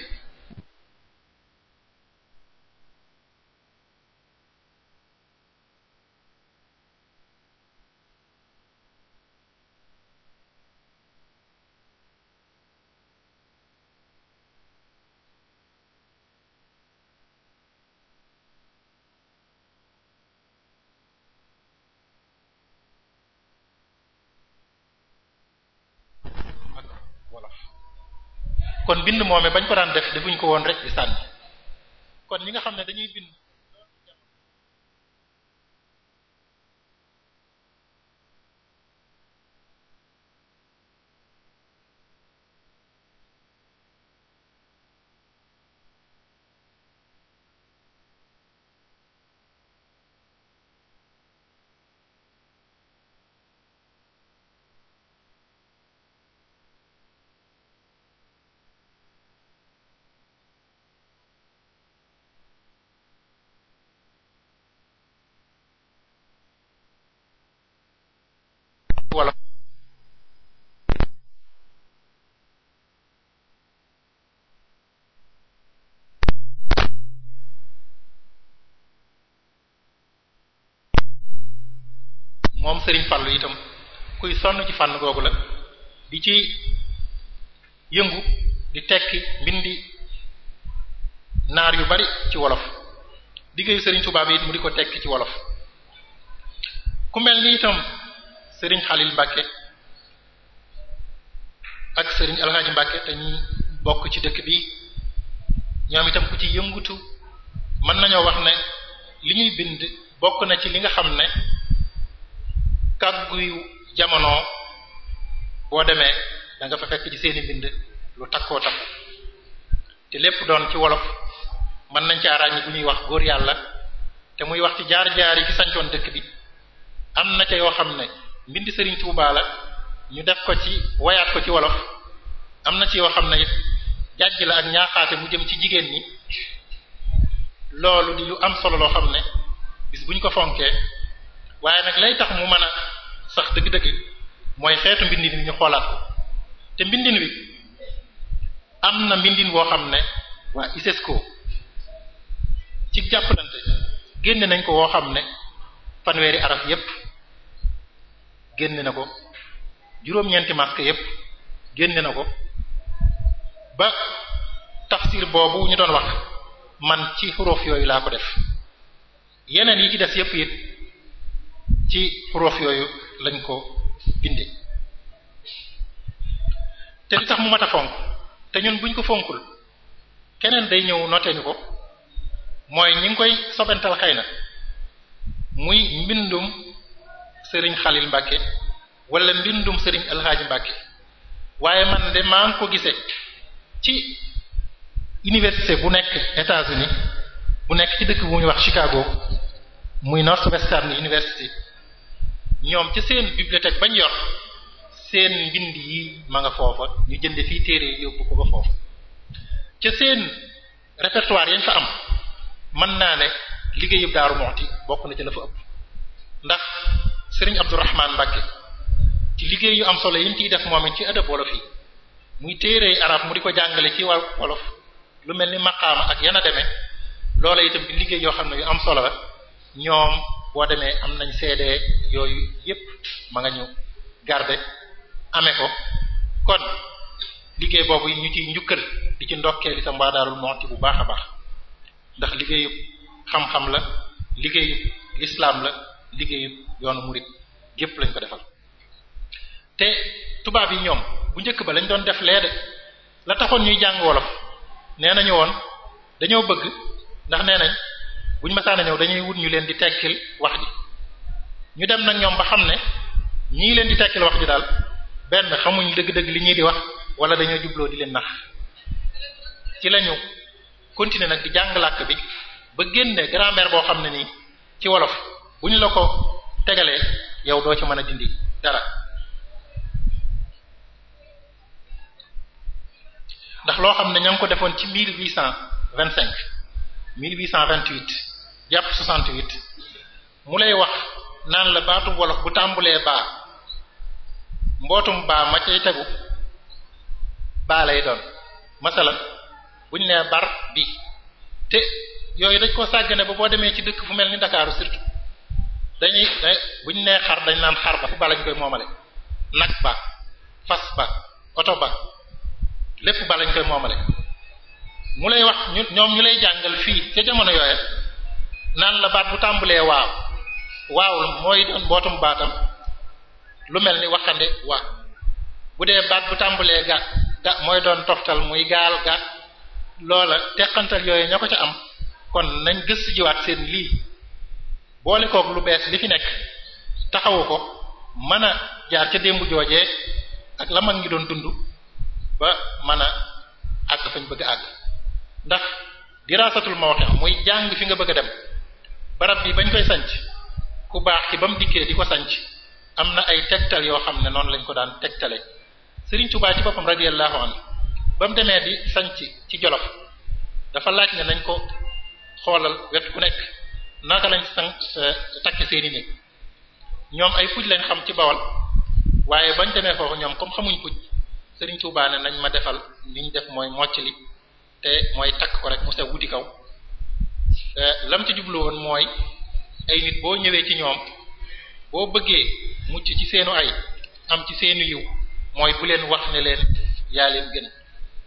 bind moome bañ ko daan def defuñ ko woon rek di sànni kon ñi nga xam ne dañuy bind moom Serigne Fallou itam kuy sonn ci fànn googu la di ci yëngu di tekki mbindi naar yu bari ci wolof liggéeyu Serigne Touba bi it mu di ko tekki ci wolof ku mel ni itam Serigne Khalil Mbacké ak sëriñ El Hadj Mbacké bokk ci dëkk bi ñoom itam ku ci yëngutu mën nañoo wax ne li ñuy bind bokk na ci li nga xam ne kàgguyu jamono boo demee da nga fa fekk ci seeni mbind lu takkoo takku te lépp doon ci wolof mën nañ caa ràññi bu ñuy wax góor yàlla te muy wax ci jaar-jaar yi ci sancoon dëkk bi am na ca yoo xam ne mbind Serigne Touba la ñu def ko ci wayaat ko ci wolof am na ci yoo xam ne jàjj la ak ñaaxaate mu jëm ci jigéen ñi loolu di lu am solo xam ne bis bu ñu ko fonkee waaye nag lay tax mu mën a sax dëgg-dëgg mooy xeetu mbindin wi ñu xoolaat te mbindin wi am na mbindin woo xam ne waa ko ci jàppalante génne nañ ko woo xam ne fanweeri araf yépp génne na ko juróom-ñeenti masque yépp génn na ko ba tafsir boobu ñu doon wax man ci xuruf yooyu laa ko def yeneen yi ci des yépp it ci roox yooyu lañ ko bindee te li tax mu mat fonk te ñun buñ ko fonkul keneen day ñëw noté ñu ko mooy ñi ngi koy sobental xëy na muy mbindum sëriñ Xalil Mbàkke wala mbindum sëriñ Alxaaji Mbàkke waaye man de maa ngi ko gisee ci université bu nekk États-Unis bu nekk ci dëkk bu ñuy wax Chicago muy Northwestern University ñoom ca seen bibliothèque bañ yor seen mbind yi ma nga foofa ñu jënd fii téere yi yóbbu ko ba foofa ca seen répertoire yañ fa am mën naa ne liggéeyub Daaru Muxti bokk na ci la fa ëpp ndax sëriñ Abdourahmane Mbacke ci liggéey yu am solo yi ñu ciy def moom ci adab wolof yi muy téere arab mu di ko jàngale ci wàllu wolof lu mel ni maqaama ak yana demee loola itam di liggéey yoo xam ne yu am solo la ñoom boo demee am nañ seede yooyu yépp ma nga ñu garder amee ko kon liggéey boobu ñu ci njukkal di ci ndokkee li tam waa Darou Moukhty bu baax a baax ndax liggéeyub xam-xam la liggéeyub lislaam la liggéeyub yoonu murid gépp lañ ko defal te tubaab yi ñoom bu njëkk ba lañ doon def lee de la taxoon ñuy jàng wolof nee nañu woon dañoo bëgg ndax nee nañ buñ masaana ñëw dañuy wut ñu leen di tekkil wax ji ñu dem nag ñoom ba xam ne ñii leen di tekkil wax ji daal benn xamuñ dëgg-dëgg li ñuy di wax wala dañoo jubloo di leen nax ci lañu continuer nag di jàng làkk bi ba génne grammaire boo xam ne nii ci wolof bu ñu la ko tegalee yow doo ci mën a dindi dara ndax loo xam ne ña ngi ko defoon ci mille huit cent vingt cinq mille huit cent vingt huit jàpp 68 mu lay wax naan la baatu wolof bu tàmbulee baa mbootum baa ma cay tegu baa lay doon masalan bu ñu nee bar bi te yooyu dañ ko sàggane ba boo demee ci dëkk fu mel ni ndakaaru surtout dañuy bu ñu nee xar dañ naan xar ba fu ba lañ koy moomale nag ba fas ba oto ba lépp ba lañ koy moomale mu lay wax ñoom ñu lay jàngal fii ca jamono yooya naan la baat bu tàmbalee waaw waaw mooy doon bootum baatam lu mel ni waxande wa bu dee baat bu tàmbalee ga ga mooy doon toftal muy gaal ga loola teqantal yooyu ñoo ko ca am kon nañ gëstu jiwaat seen lii boole koog lu bees li fi nekk taxawu ko mën a jaar ca démb joojee ak la mag ngi doon dund ba mën a àgg fañ bëgg a àgg ndax diraasatul mawqi' muy jàng fi nga bëgg a dem barab bi bañ koy sanc ku baax ci ba mu dikkee di ko sanc am na ay tegtal yoo xam ne noonu lañ ko daan tegtale Serigne Touba ci boppam radiyallahu anhu ba mu demee di sanc ci Jolof dafa laaj ne nañ ko xoolal wet ku nekk naka lañ sanc eh, takk seeni néeg ñoom ay fuj lañ xam ci bawal waaye bañ demee foofu ñoom comme xamuñ fuj Serigne Touba ne nañ ma defal niñ def mooy mocc li te mooy takk ko rek mu sew wuti kaw Eh, lam ci jublu mooy ay nit boo ñëwee ci ñoom boo bëggee mucc ci seenu ay am ci seenu yiw mooy bu leen wax ne leen yaa leen gën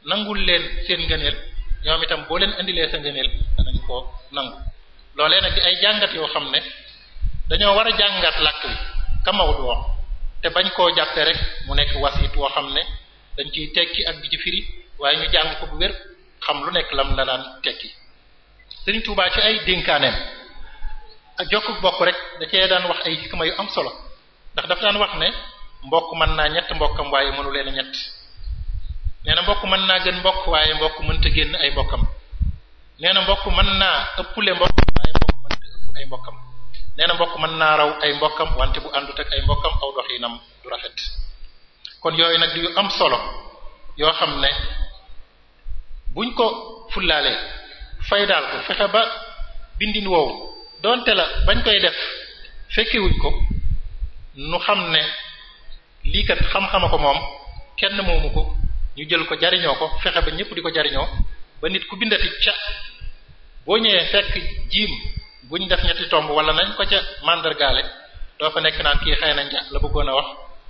nangul leen seen ngëneel ñoom itam boo leen indilee sa ngëneel danañ ko nangu loolee nag di ay jàngat yoo xam ne dañoo war a jàngat làkk bi ka Maodo wax te bañ koo jàppe rek mu nekk wasit woo xam ne dañ ciy tekki ak bi ci firi waaye ñu jàng ko bu wér xam lu nekk lam la daan tekki Sëriñ Tuubaa ci ay dénkaaneem ak jokk bokk rek da cee daan wax ay xikma yu am solo ndax dafa daan wax ne mbokk mën naa mbokkam waaye mënu leen a ñett na mbokk mën naa gën mbokk waaye mbokk mënta génn ay mbokkam nee na mbokk man naa ëppule mbokk mbokkam nee na mbokk mën naa raw ay mbokkam wante bu àndut ak ay mbokkam aw doxinam du rafet kon yooyu nag di yu am solo yoo xam ne buñ ko fullaalee daal ko fexe ba dindin woow donte la bañ koy def fekkewuñ ko nu xam ne lii kat xam-xama ko moom kenn moomu ko ñu jël ko jariñoo ko fexe ba ñépp di ko jariñoo ba nit ku bindati ca boo ñëwee fekk jiim ñu def ñetti tomb wala nañ ko ca màndargaale doo ko nekk naan ki xëy na nja la bëggoon a wax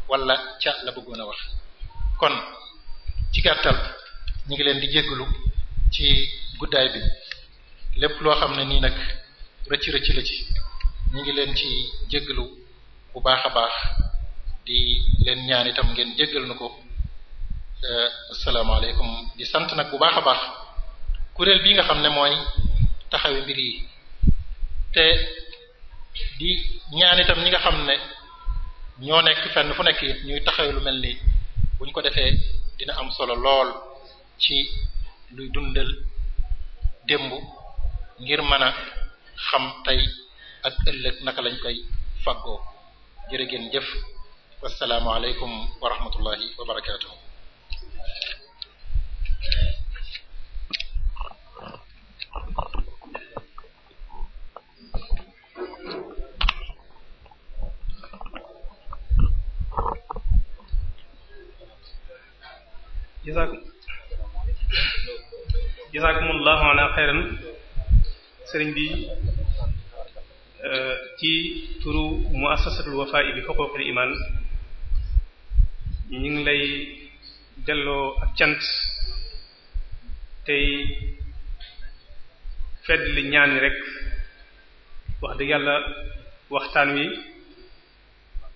walla ca la bëggoon a wax kon ci gàttal ñu ngi leen di jégalu ci guddaay bi lépp loo xam ne nii nag rëcc rëcc la ci ñu ngi leen ci jéggalu bu baax a baax di leen ñaan itam ngeen jéggal na ko asalaamaaleykum di sant nag bu baax a baax kuréel bii nga xam ne mooy taxawe mbir yi te di ñaan itam ñi nga xam ne ñoo nekk fenn fu nekk it ñuy taxawe lu mel ni buñ ko defee dina am solo lool ci luy dundal démb ngir mën a xam tey ak ëllëg naka lañ koy faggoo jërë ngeen jëf wasalaamu aleykum wa rahmatullahi sëriñ bi euh, ci turu muassasatul wafa'i bi huquqil iman ñu ngi lay delloo ak cant tey fedd li ñaan rek wax dëgg yàlla waxtaan wi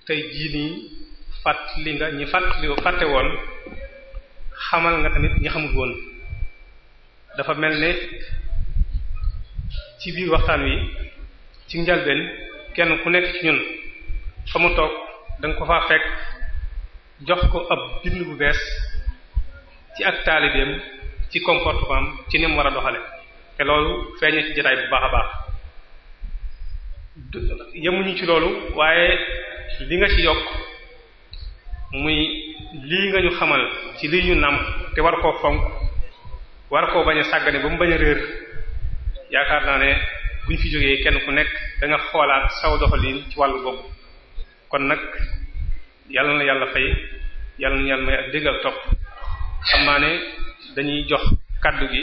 tey jii nii fàttali nga ñi fàttali fàtte woon xamal nga tamit ñi xamul woon dafa mel ne ci biir waxtaan wi ci njalbeen kenn ku nekk ci ñun fa toog da ko faa fekk jox ko ab bind bu bees ci ak taalibeem ci comportement ci ni war a doxale te loolu feeña ci jotaay bu baax a baax yemuñu ci loolu waaye li nga ci yokk muy lii nga ñu xamal ci lii ñu nam te war koo fonk war koo bañ a sàggane ba mu bañ a réer yaakaar naa ne buñ fi jógee kenn ku nekk da nga xoolaat saw doxalin ci wàllu boobu kon nag yàlla na yàlla fay yàlla na yàlla may ak topp xam naa ne dañuy jox kàddu gi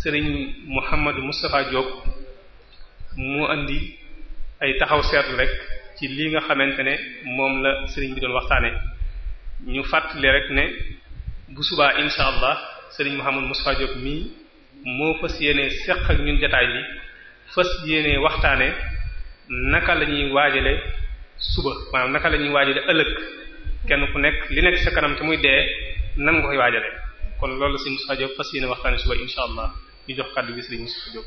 sëriñ Mouhamadou Moustapha Diop mu indi ay taxaw seetlu rek ci lii nga xamante ne moom la sëriñ bi doon waxtaanee ñu fàttali rek ne bu subaa incha allah sëriñ Mouhamadou Moustapha Diop mii. moo fas yéene seq ak ñun jotaay bi fas yéene waxtaane naka la ñuy waajale suba maanaam naka la ñuy waajale ëllëg kenn ku nekk li nekk sa kanam te muy dee nan nga koy waajale kon loolu si Moussa Diop fas yéene waxtaane suba incha allah ñu jox kàddu gi Serigne Moussa Diop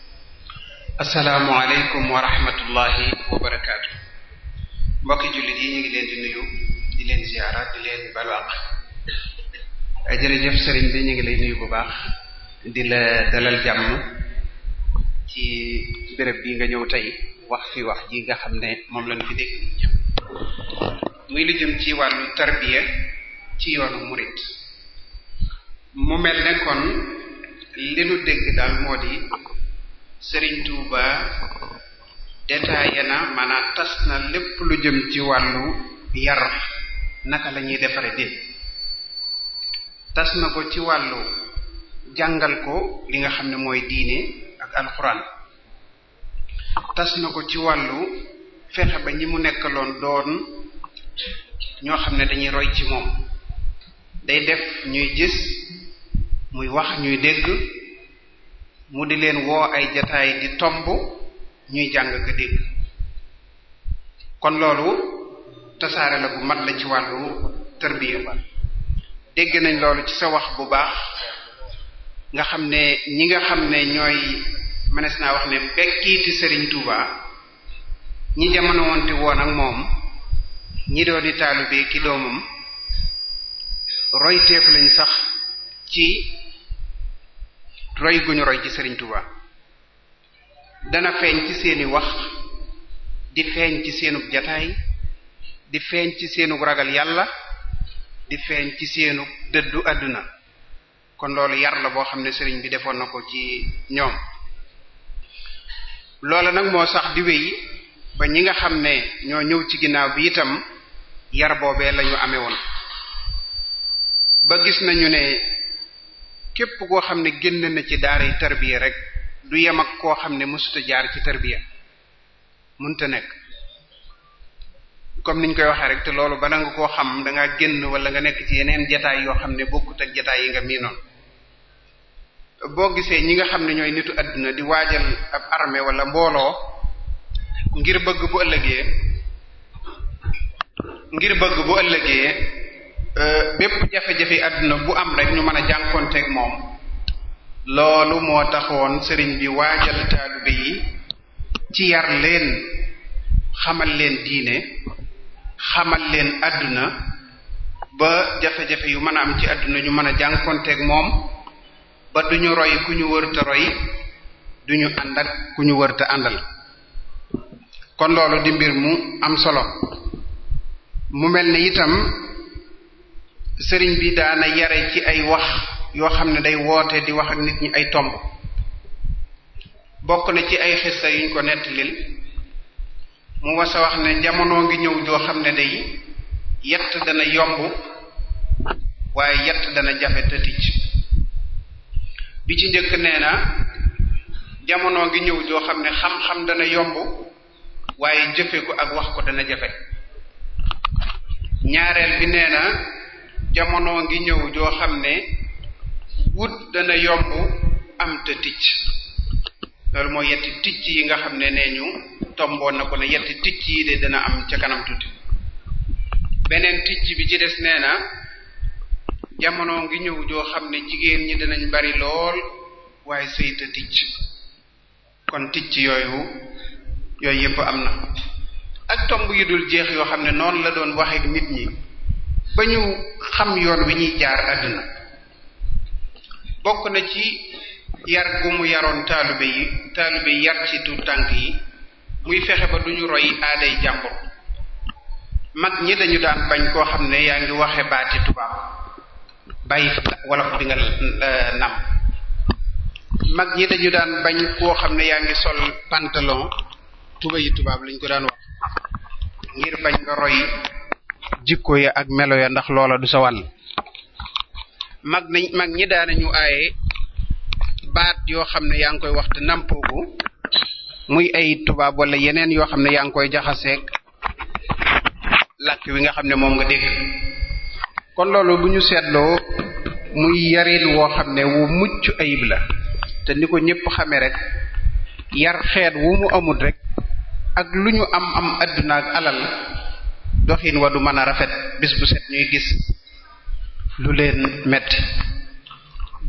asalaamualeykum wa rahmatullahi wa barakaatu mbokki jullit yi ñu ngi leen di nuyu di leen ziyaara di leen balwaq jërëjëf sëriñ bi ñu ngi lay nuyu bu baax di la dalal jàmm ci béréb bi nga ñëw tey wax fi wax ji nga xam ne moom lañu fi dégg ñëpp muy lu jëm ci wàllu tarbiya ci yoonu murid mu mel ne kon dégg daal moo di sëriñ Touba détaillé na maanaam tas na lépp lu jëm ci wàllu yar naka lañuy ñuy defare tas na ko ci wàllu jàngal ko li nga xam ne mooy diine ak alxuraan tas na ko ci wàllu fexe ba ñi mu nekkaloon doon ñoo xam ne dañuy roy ci moom day def ñuy gis muy wax ñuy dégg mu di leen woo ay jataay di tomb ñuy jàng ka dégg kon loolu tasaare la bu mat la ci wàllu tërbiya ba dégg nañ loolu ci sa wax bu baax nga xam ne ñi nga xam ne ñooy mënees naa wax ne bekkiiti Serigne Touba ñi jamono wonte woon ak moom ñi doon di taalubee ki doomam royteef lañ sax ci roy gu ñu roy ci Serigne Touba dana feeñ ci seeni wax di feeñ ci seenub jataay di feeñ ci seenub ragal yàlla di feeñ ci seenub dëddu àdduna kon loolu yar la boo xam ne Serigne bi defoon na ko ci ñoom loola nag moo sax di wéy ba ñi nga xam ne ñoo ñëw ci ginnaaw bi itam yar boobee lañu amee woon ba gis nañu ne képp koo xam ne génn na ci daaray tarbiya rek du yem ak koo xam ne mësuta jaar ci tarbiya mënta nekk comme niñ koy waxee rek te loolu bala nga koo xam da génn wala nga nekk ci yeneen jataay yoo xam ne bokkut ak jataay yi nga miinoon boo gisee ñi nga xam ne ñooy nitu àdduna di waajal ab armée wala mbooloo ngir bëgg bu ëllëgee ngir bëgg bu ëllëgee Euh, bépp jafe-jafe àdduna bu am rek ñu mën a jànkonteeg moom loolu moo taxoon sëriñ bi waajal taalibe yi ci yar leen xamal leen diine xamal leen àdduna ba jafe-jafe yu mën a am ci àdduna ñu mën a jànkonteeg moom ba duñu roy ku ñu wërta roy duñu ànd ak ku ñu wërta àndal kon loolu di mbir mu am solo mu mel ne itam sëriñ bi daana yare ci ay wax yoo xam ne day woote di wax ak nit ñi ay tomb bokk na ci ay xista yuñ ko nettalil mu wasa wax ne jamono ngi ñëw joo xam ne day yett dana yomb waaye yett dana jafe te bi ci njëkk nee na jamono ngi ñëw joo xam ne xam-xam dana yomb waaye jëfe ko ak wax ko dana jafe ñaareel bi nee na jamono ngi ñëw joo xam ne wut dana yomb am te ticc loolu mooy yetti ticc yi nga xam ne nee ñu tomboon na ko ne yetti ticc yi de dana am ca kanam tuuti beneen ticc bi ci des nee na jamono ngi ñëw joo xam ne jigéen ñi danañ bari lool waaye sëy te ticc kon ticc yooyu yooyu yépp am na ak tomb yu dul jeex yoo xam ne noonu la doon waxeeg nit ñi ba ñu xam yoon wi ñuy jaar àdduna bokk na ci yar gu mu yaroon taalibe yi taalibe yi yar ci tu tànk yi muy fexe ba duñu roy aaday jàmbur mag ñi dañu daan bañ koo xam ne yaa ngi waxe baati tubaab bàyyi fi wolof bi nga eh, nam mag ñi dañu daan bañ koo xam ne yaa ngi sol pantalon tuba tubaab lañ ko daan wax ngir bañ nga roy jikko ya ak melo ya ndax loola du sa wàll mag nañ mag ñi daanañu aaye baat yoo xam ne yaa ngi koy wax te nampoogu muy ay tubaab wala yeneen yoo xam ne yaa ngi koy jaxaseeg làkk wi nga xam ne moom nga dégg kon loolu bu ñu seetloo muy yarin woo xam ne wu mucc ayib la te ni ko ñépp xamee rek yar xeet wu mu amul rekk ak lu ñu am am àdduna ak alal doxin wa du mën a rafet bis bu set ñuy gis lu leen metti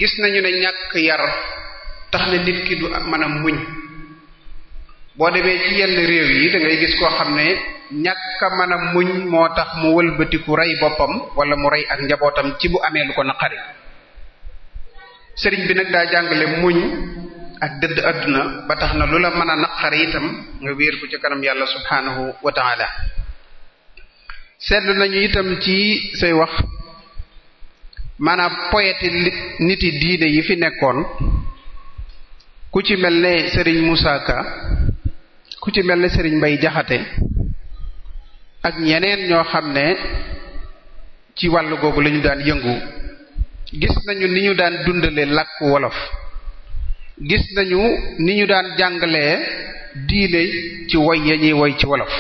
gis nañu ne ñàkk yar tax na nit ki du mën a muñ boo demee ci yenn réew yi dangay gis koo xam ne ñàkk a mën a muñ moo tax mu wëlbatiku rey boppam wala mu rey ak njabootam ci bu amee lu ko naqari sëriñ bi nag daa jàngale muñ ak dëdd àdduna ba tax na lu la mën a naqari itam nga wéer ko ci kanam yàlla subhaanahu wa seetlu nañu itam ci say wax maanaam poète niti diine yi fi nekkoon ku ci mel ne sëriñ Moussa ku ci mel ne Serigne mbay Jaxate ak ñeneen ñoo xam ne ci wàll googu lañu daan yëngu gis nañu ni ñu daan dundale làkk wolof gis nañu ni ñu daan jàngalee diine ci woy ya ñuy woy ci wolof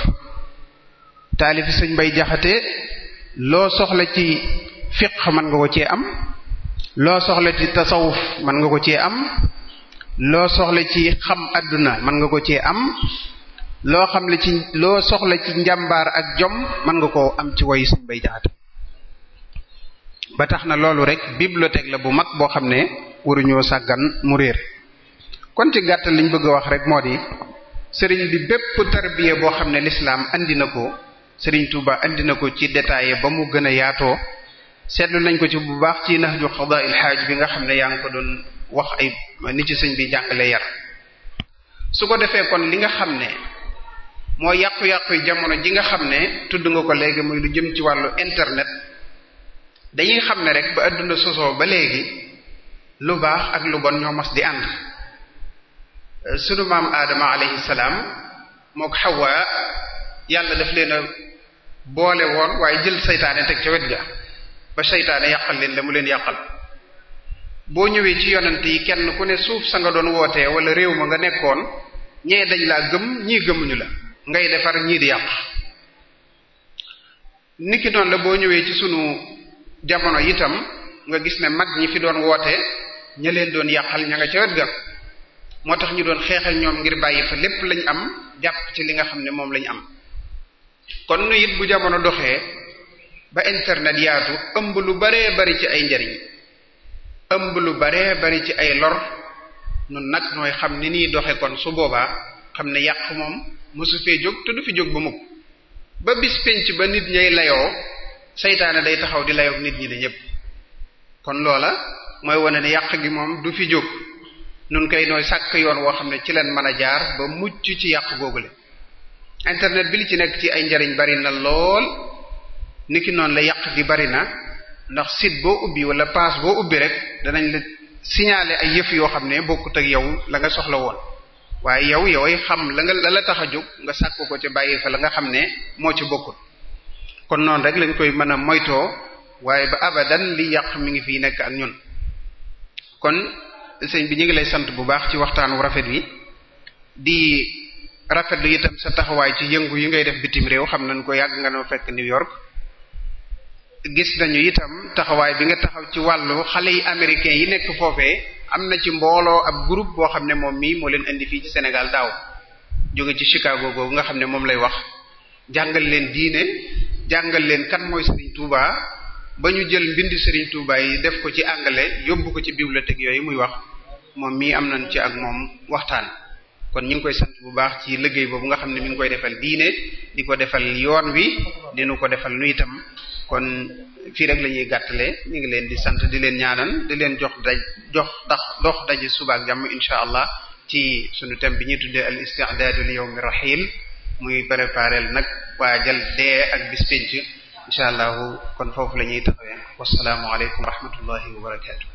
taalifi sëñ bay jaxate loo soxla ci fiqh mën nga ko cee am loo soxla ci tasawuf mën nga ko cee am loo soxla ci xam àdduna mën nga ko cee am loo xam ne ci loo soxla ci njàmbaar ak jom mën nga koo am ci woyu sëñ bay jaxate ba tax na loolu rek bibliothèque la bu mag boo xam ne waruñoo sàggan mu réer kon ci gàttal liñ bëgg a wax rek moo di sëriñ bi bépp tarbiya boo xam ne lislaam indi na ko Serigne Touba andi na ko ci détaillé ba mu gën a yaatoo seetlu nañ ko ci bu baax ci Nahju Qadaa'il Haaj bi nga xam ne yaa ngi ko doon wax ay nit ci sëñ bi jàngale yar su ko defee kon li nga xam ne moo yàqu-yàqu jamono ji nga xam ne tudd nga ko léegi muy lu jëm ci wàllu internet dañuy xam ne rek ba àdduna sosoo ba léegi lu baax ak lu bon ñoo mas di ànd sunu maam Adama alayhi salaam mook Hawa yàlla daf leen boole woon waaye jël seytaane teg ca wet ga ba seytaane yàqal leen la leen yàqal boo ñëwee ci yonent yi kenn ku ne suuf sa nga doon wootee wala réew ma nga nekkoon ñee dañ laa gëm ñii gëmuñu la ngay defar ñii di yàq niki noonu la boo ñëwee ci sunu jamono itam nga gis ne mag ñi fi doon woote ña leen doon yàqal ña nga ca wet ga moo tax ñu doon xeexal ñoom ngir bàyyi fa lépp lañ am jàpp ci li nga xam ne moom lañu am kon nu bu jamono doxee ba internet yaatu ëmb lu baree bari ci ay njariñ ëmb lu bare bari ci ay lor nun nag nooy xam ni nii doxe kon su boobaa xam ne yàq moom mosu fee jóg te du fi jóg ba mukk ba bis penc ba nit ñay layoo seytaane day taxaw di layoog nit ñi de ñépp kon loola mooy wane ne yàq gi moom du fi jóg nun kay nooy sàkk yoon woo xam ne ci leen mën a jaar ba mucc ci yàq googu la internet bi li ci nekk ci ay njariñ bari na lool ki noonu la yàq gi bari na ndax sit boo ubbi wala page boo ubbi rek danañ la signaler ay yëf yoo xam ne bokkut ak yow la nga soxla woon waaye yow yoway xam la nga la tax a jóg nga sàkku ko ca bàyyi fa la nga xam ne moo ci bokkul kon noonu rek lañ koy mën a moytoo waaye ba abadan li yàq mi ngi fiy nekk ak ñun kon sëñ bi ñu ngi lay sant bu baax ci waxtaan wu rafet wi di rafet lu itam sa taxawaay ci yëngu yi ngay def bitim réew xam nañ ko yàgg nga noo fekk New York gis nañu itam taxawaay bi nga taxaw ci wàllu xale yi américains yi nekk foofee am na ci mbooloo ab groupe boo xam ne moom mii moo leen indi fii ci Sénégal daaw jóge ci Chicago googu nga xam ne moom lay wax jàngal leen diine jàngal leen kan mooy Serigne Touba ba ñu jël mbind Serigne Touba yi def ko ci anglais yóbbu ko ci la bibliothèque yooyu muy wax moom mii am nañ ci ak moom waxtaan. kon ñu ngi koy sant bu baax ci liggéey boobu nga xam ne mi ngi koy defal diine di ko defal yoon wi dina ko defal nu itam kon fii rek la ñuy gàttale ñu ngi leen di sant di leen ñaanal di leen jox daj jox dax dox daj suba jam jàmm incha allah ci sunu thème bi ñuy tuddee al isti'dadu li yawmi rahil muy préparer nag waa waajal dee ak bis pénc incha kon foofu la ñuy taxawee wasalaamu aleykum wa rahmatullahi wa barakatuh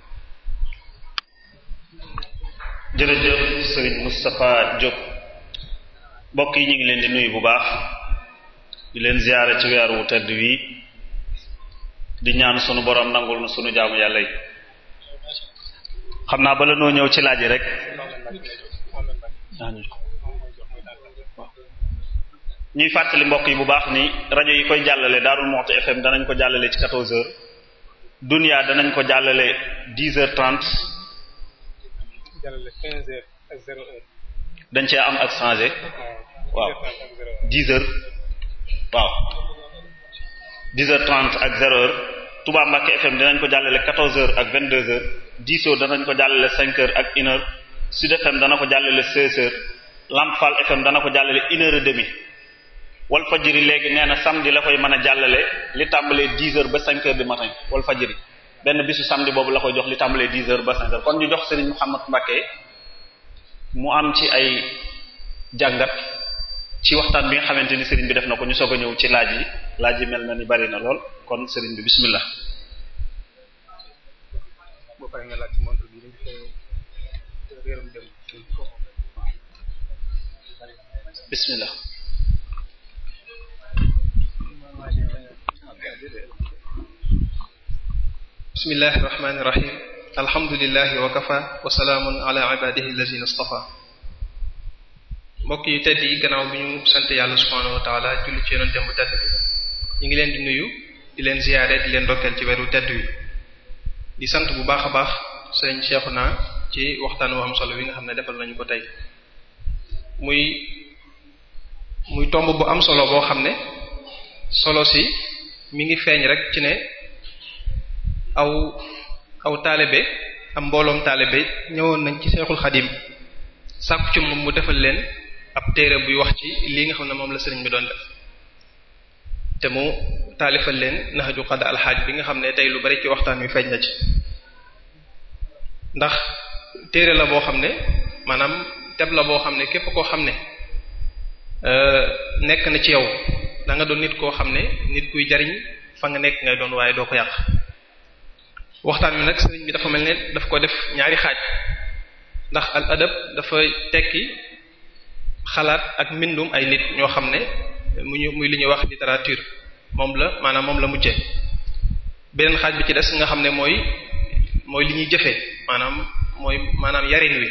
jërëjëf sëriñ Moustapha Diop mbokk yi ñu ngi leen di nuyu bu baax di leen ziyaara ci weer wu tedd wii di ñaan sunu borom nangul na sunu jaamu yàlla yi xam naa bala noo ñëw ci laaj rek ñuy fàttali mbokk yi bu baax nii rajo yi koy jàllale Darou Moukhty FM danañ ko jàllale ci 14 heures Dunya danañ ko jàllale 10 heures 30 jàllale 15 heures dañ cee am ak changé. waaw 10 heures waaw 10 heures trent ak 0 heure Touba Mbacké FM dinañ ko jàllale 14 heures ak 22 heures Diso danañ ko jàllale 5 heures ak 1 heure Sud FM dana ko jàllale 16 heures Lamp Fall FM dana ko jàllale 1 heure et demie Walfadjri léegi nee na samedi la koy mën a jàllale li tàmbalee 10 heures ba 5 heures du matin Walfadjri benn bisu samedi boobu la ko jox li tàmbalee 10 heures ba 5 heures kon ñu jox Serigne Mouhamad Mbacké mu am ci ay jàngat ci waxtaan bi nga xamante ni Serigne bi def na ko ñu soog a ñëw ci laaj yi laaj yi mel na ni bari na lool kon Serigne bi bismillah bismillah bismillahi irrahmani irrahim alhamdulilahi wa kafa wa salaamun ala ibadihi allazina istafa mbokk yu tedd yi gannaaw bi ñu sant yàlla subhaanahu wa taala julli ci yonente bu tedd bi ñu ngi leen di nuyu di leen ziyaare di leen dokkeel ci weru tedd wi di sant bu baax a baax sëriñ Seexuna ci waxtaan wu am solo wi nga xam ne defal nañu ko tey muy muy tomb bu am solo boo xam ne solo si mu ngi feeñ rek ci ne aw aw taalibe am mbooloom taalibe ñëwoon nañ ci Seexul Xadim sàkku ci moom mu defal leen ab téere buy wax ci lii nga xam ne moom la sëriñ bi doon def te mu taalifal leen naxaju xadda alxaaj bi nga xam ne tey lu bari ci waxtaan wi feeñ na ci ndax téere la boo xam ne maanaam teb la boo xam ne képp koo xam ne euh, nekk na ci yow da nga doon nit koo xam ne nit kuy jariñ fa nga nekk ngay doon waaye doo ko yàq waxtaan wi nag sëriñ bi dafa mel ne daf ko def ñaari xaaj ndax al adab dafa tekki xalaat ak mbindum ay nit ñoo xam ne mu ñu muy li ñuy wax littérature moom la maanaam moom la mujje beneen xaaj bi ci des nga xam ne mooy mooy li ñuy jëfee maanaam mooy maanaam yarin wi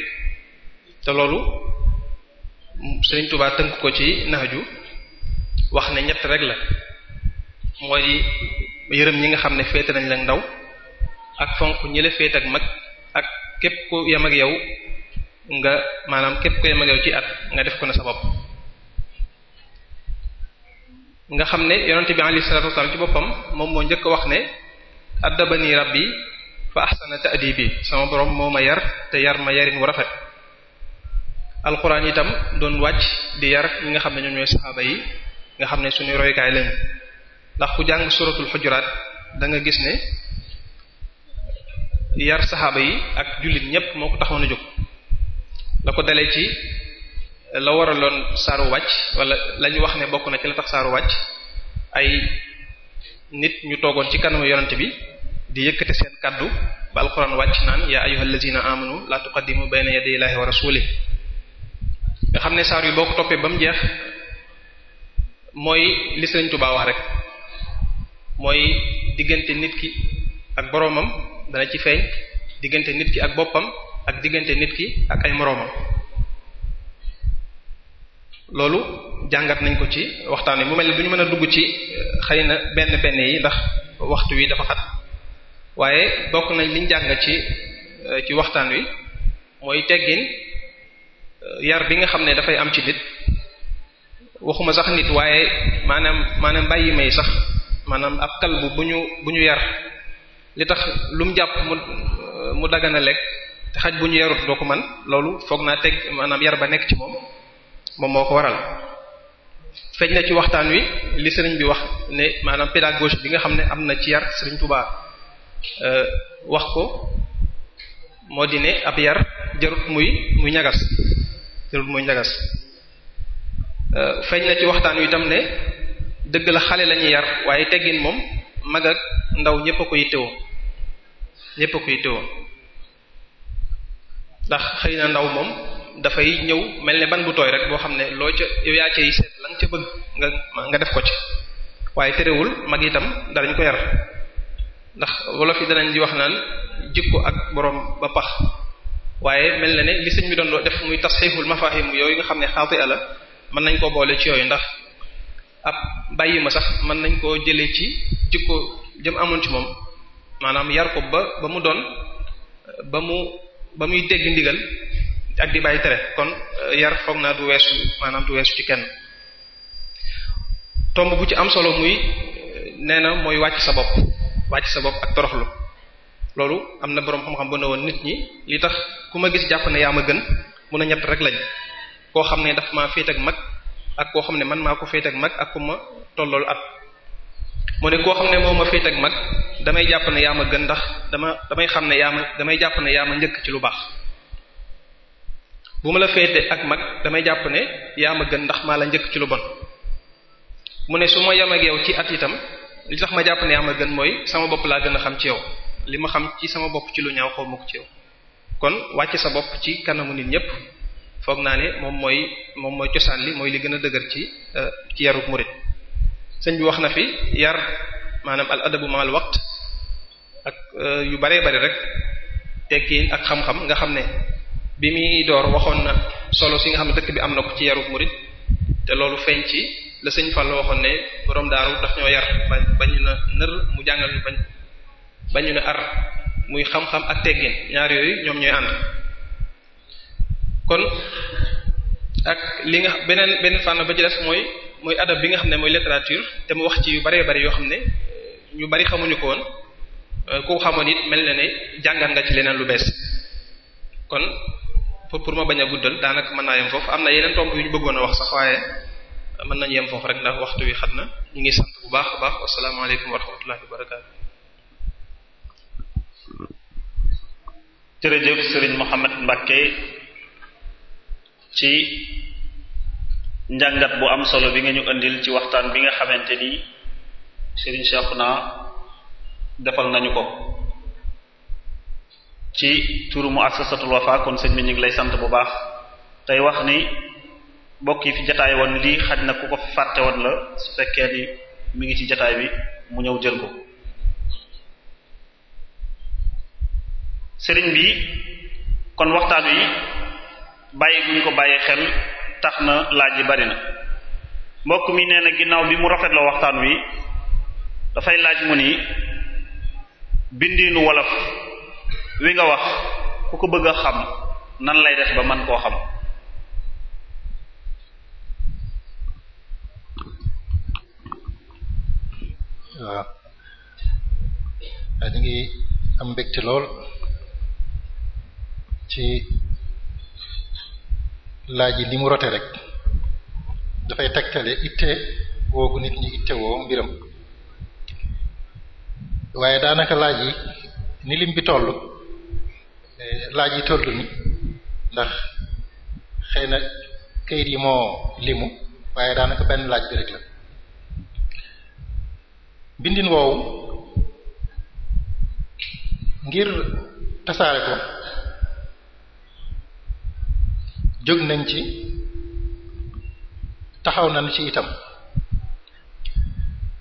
te loolu sëriñ Touba tënk ko ci naaju wax ne ñett rek la mooy yërëm ñi nga xam ne féete nañ la ndaw ak fonk ñële féet ak mag ak képp ku yem ak yow nga maanaam képp ku yem ak yow ci at nga def ko na sa bopp nga xam ne yonente bi alayhi salatu wasalaam ci boppam moom moo njëkk wax ne rab yi fa ahsana ta'dibi sama borom moo ma yar te yar ma yarin wu rafet alquran itam doon wàcc di yar ñi nga xam ne ñoom ñooy saxaaba yi nga xam ne suñu roykaay lañu ndax ku jàng suratul xujuraat da nga gis ne yar saxaaba yi ak jullit ñépp moo ko taxoon a jóg la ko dalee ci la waraloon saaru wàcc wala lañu wax ne bokk na ci la tax saaru wàcc ay nit ñu toogoon ci kanamu yonent bi di yëkkate seen kaddu ba alquran wàcc naan yaa ayyuhal lazina amanu la tuqaddimu bayna yaday illahi wa rasulihi nga xam ne saaru yi boo ko toppee ba mu jeex mooy li Sëriñ Tuubaa wax rek mooy diggante nit ki ak boroomam dana ci feeñ diggante nit ki ak boppam ak diggante nit ki ak ay moroomam loolu jàngat nañ ko ci waxtaan wi mu mel ni duñu mën a dugg ci eh, xëy na benn benn yi ndax waxtu wi dafa xat waaye bokk nañ liñ jàng ci eh, ci waxtaan wi mooy teggin eh, yar bi nga xam ne dafay am ci nit waxuma sax nit waaye maanaam maanaam bàyyi may sax maanaam ab kalbu bu ñu bu ñu yar li tax lu mu jàpp mu mu dagana lekk te xaj bu ñu yarut doo ko man loolu foog naa teg maanaam yar ba nekk ci moom moom moo ko waral feeñ na ci waxtaan wi li sëriñ bi wax ne maanaam pédagogie bi nga xam ne am na ci yar sëriñ Touba euh, wax ko moo di ne ab yar jarut muy mu ñagas jarut muy ñagas euh, feeñ na ci waxtaan wi itam ne dëgg la xale lañuy yar waaye teggin moom mag ak ndaw ñépp a ko yittewoo ñépp a koy tëwoo ndax xëy na ndaw moom dafay ñëw mel ne ban bu tooy rek boo xam ne loo ca yow yaa cay seet la ca bëgg nga nga def ko ci waaye terewul mag itam danañ ko yar ndax wolof yi danañ di wax na jig ko ak borom ba pax waaye mel na ne li sëñ bi doon def muy tas tasxiixul mafahim yooyu nga xam ne xaati ala mën nañ koo boole ci yooyu ndax ab bàyyi ma sax mën nañ koo jëlee ci jikko jëm amoon ci moom maanaam yar ko ba ba mu doon ba mu ba muy dégg ndigal ak di bàyyi tere kon eh, yar foog naa du weesu maanaam du weesu ci kenn tomb bu ci am solo muy eh, nee na mooy wàcc sa bopp wàcc sa bopp ak toroxlu loolu am na boroom xam-xam bu ne woon nit ñi li tax ku ma gis jàpp na yaa ma gën mun a ñett rek lañ koo xam ne dafa maa féet ak mag ak koo xam ne man maa ko féet mag ak ku ma tolloolu at mu ne koo xam ne moo ma féet ak mag damay jàpp ne yaa ma gën ndax dama damay xam ne yaa ma damay jàpp ne yaa ma njëkk ci lu baax bu ma la féete ak mag damay jàpp ne yaa ma gën ndax maa la njëkk ci lu bon mu ne su ma yem ak yow ci at itam li sax ma jàpp ne yaa ma gën mooy sama bopp laa gën a xam ci yow li ma xam ci sama bopp ci lu ñaaw xaw ci yow kon wàcc sa bopp ci kanamu nit ñépp foog naa ne moom mooy moom mooy cosaan li mooy li gën a dëgër ci euh, ci yarub sëñ bi wax na fi yar maanaam al adabu mal waqt ak euh, yu baree bari rek tekkiin ak xam-xam nga xam ne bi muy door waxoon na solo si nga xam ne dëkk bi am na ko ci yaru murid te loolu feeñ ci la sëñ Fall waxoon ne boroom daaru daf ñoo yar ba na nër mu jàngal ñu bañ bañu na ar muy xam-xam ak teggin ñaar yooyu ñoom ñooy ànd kon ak li nga beneen benn fànn ba ci mooy mooy adab bi nga xam ne mooy littérature te mu wax ci yu bëree bëri yoo xam ne ñu bari xamuñu ko woon euh, ku xamoon it mel na ne jàngat nga ci leneen lu bees kon pour pour ma bañ a guddal daanaka mën naa yem foofu am na yeneen tomb yu ñu bëggoon a wax sa waaye mën nañu yem foofu rek ndax waxtu wi xam na ñu ngi sant bu baax a baax asalaamaaleykum wa rahmatullahi wa barakaatu. jërëjëf Serigne Mohamed Mbacke ci. njàngat bu am solo bi nga ñu indil ci waxtaan bi nga xamante ni Serigne Cheikhouna defal nañu ko ci turu muassasatul Wafa kon sëñ bi ñu ngi lay sant bu baax tey wax ni mbokk yi fi jataay lii xaj na ku ko fàtte woon la su fekkee ni ngi ci jataay bi mu ñëw jël ko sëriñ bi kon waxtaan wi bàyyi bu ñu ko bàyyi xel tax na laaj yi bari na mbokk mi nee na ginnaaw bi mu rafetloo waxtaan wi dafay laaj mu ni bindiinu wolof wi nga wax ku ko bëgg a xam nan lay def ba man koo xam waaw ñu ngi am mbégte lool ci laaj yi li mu rote rek dafay tegtale itte woogu nit ñi itte woo mbiram waaye daanaka laaj yi ni lim bi toll eh, laaj yi toll ni ndax xëy na kayit yi moo limu waaye daanaka benn laaj bi rek la bindin woowu ngir tasaare ko jóg nañ ci taxaw nañ ci itam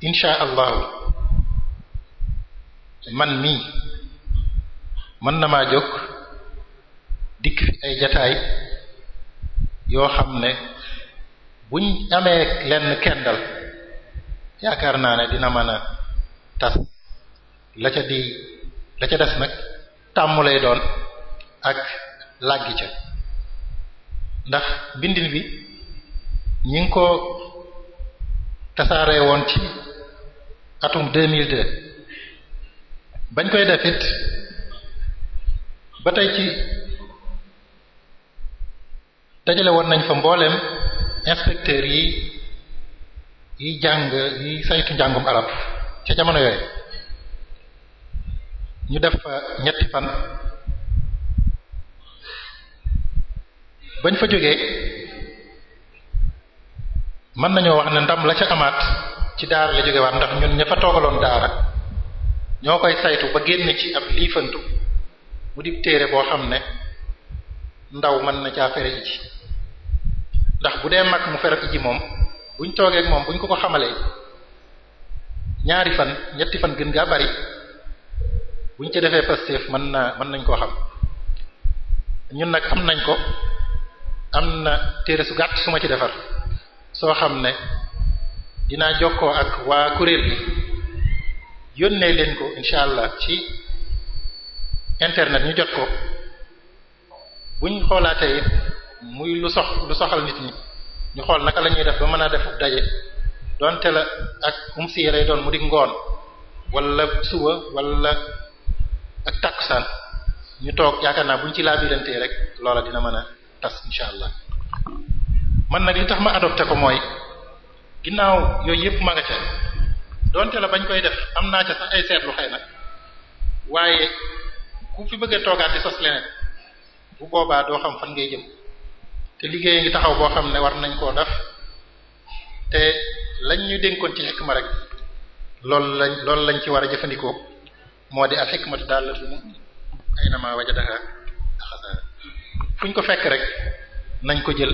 insha allahu man mii mën na maa jóg dikk fi ay jataay yoo xam ne buñ amee lenn kendal yaakaar naa ne dina mën a tas la ca di la ca des nag tàmm lay doon ak làggi ca ndax bindin bi ñu ngi ko tasaaree woon ci atum 2002 bañ koy def it ba tey ci dajale woon nañ fa mbooleem inspecteur yi yi jàng yi saytu njàngum arab ca jamono yooyu ñu def fa ñetti fan bañ fa jógee mën nañoo wax ne ndam la ca amaat ci daara la jóge ndax ñun ña fa toogaloon daara ñoo koy saytu ba génn ci ab liifantu mu di téere boo xam ne ndaw mën na caa fere iji ndax bu dee mag mu fere iji moom buñ toogee ak moom buñ ko ko xamalee ñaari fan ñetti fan gën gaa bari buñ ci defee pastéef mën na mën nañ koo xam ñun nag am nañ ko am na téere su gàtt su ma ci defar soo xam ne dinaa ko ak waa kuréel bi yónnee leen ko incha allah ci internet ñu jot ko bu ñu xoolaatee muy lu sox lu soxal nit ñi ñu xool naka lañuy def ba mën a def daje donte la ak um si lay doon mu di ngoon wala suba wala ak takkusaan ñu toog yaakaar naa buñ ci laabilantee rek loola dina mën a tax allah man nag li tax ma adopté ko mooy ginnaaw yooyu yëpp ma nga ca donte la bañ koy def am naa ca sax ay seetlu xëy nag waaye ku fi bëggee toogaat di sos leneen bu boobaa doo xam fan ngay jëm te liggéey ngi taxaw boo xam ne war nañ koo def te lañ ñu dénkoon ci xikma rek loolu lañ lool lañ ci war a jëfandikoo moo di al xikmatu daalatul mu'min aynama wajadaha axadaha fu ñu ko fekk rek nañ ko jël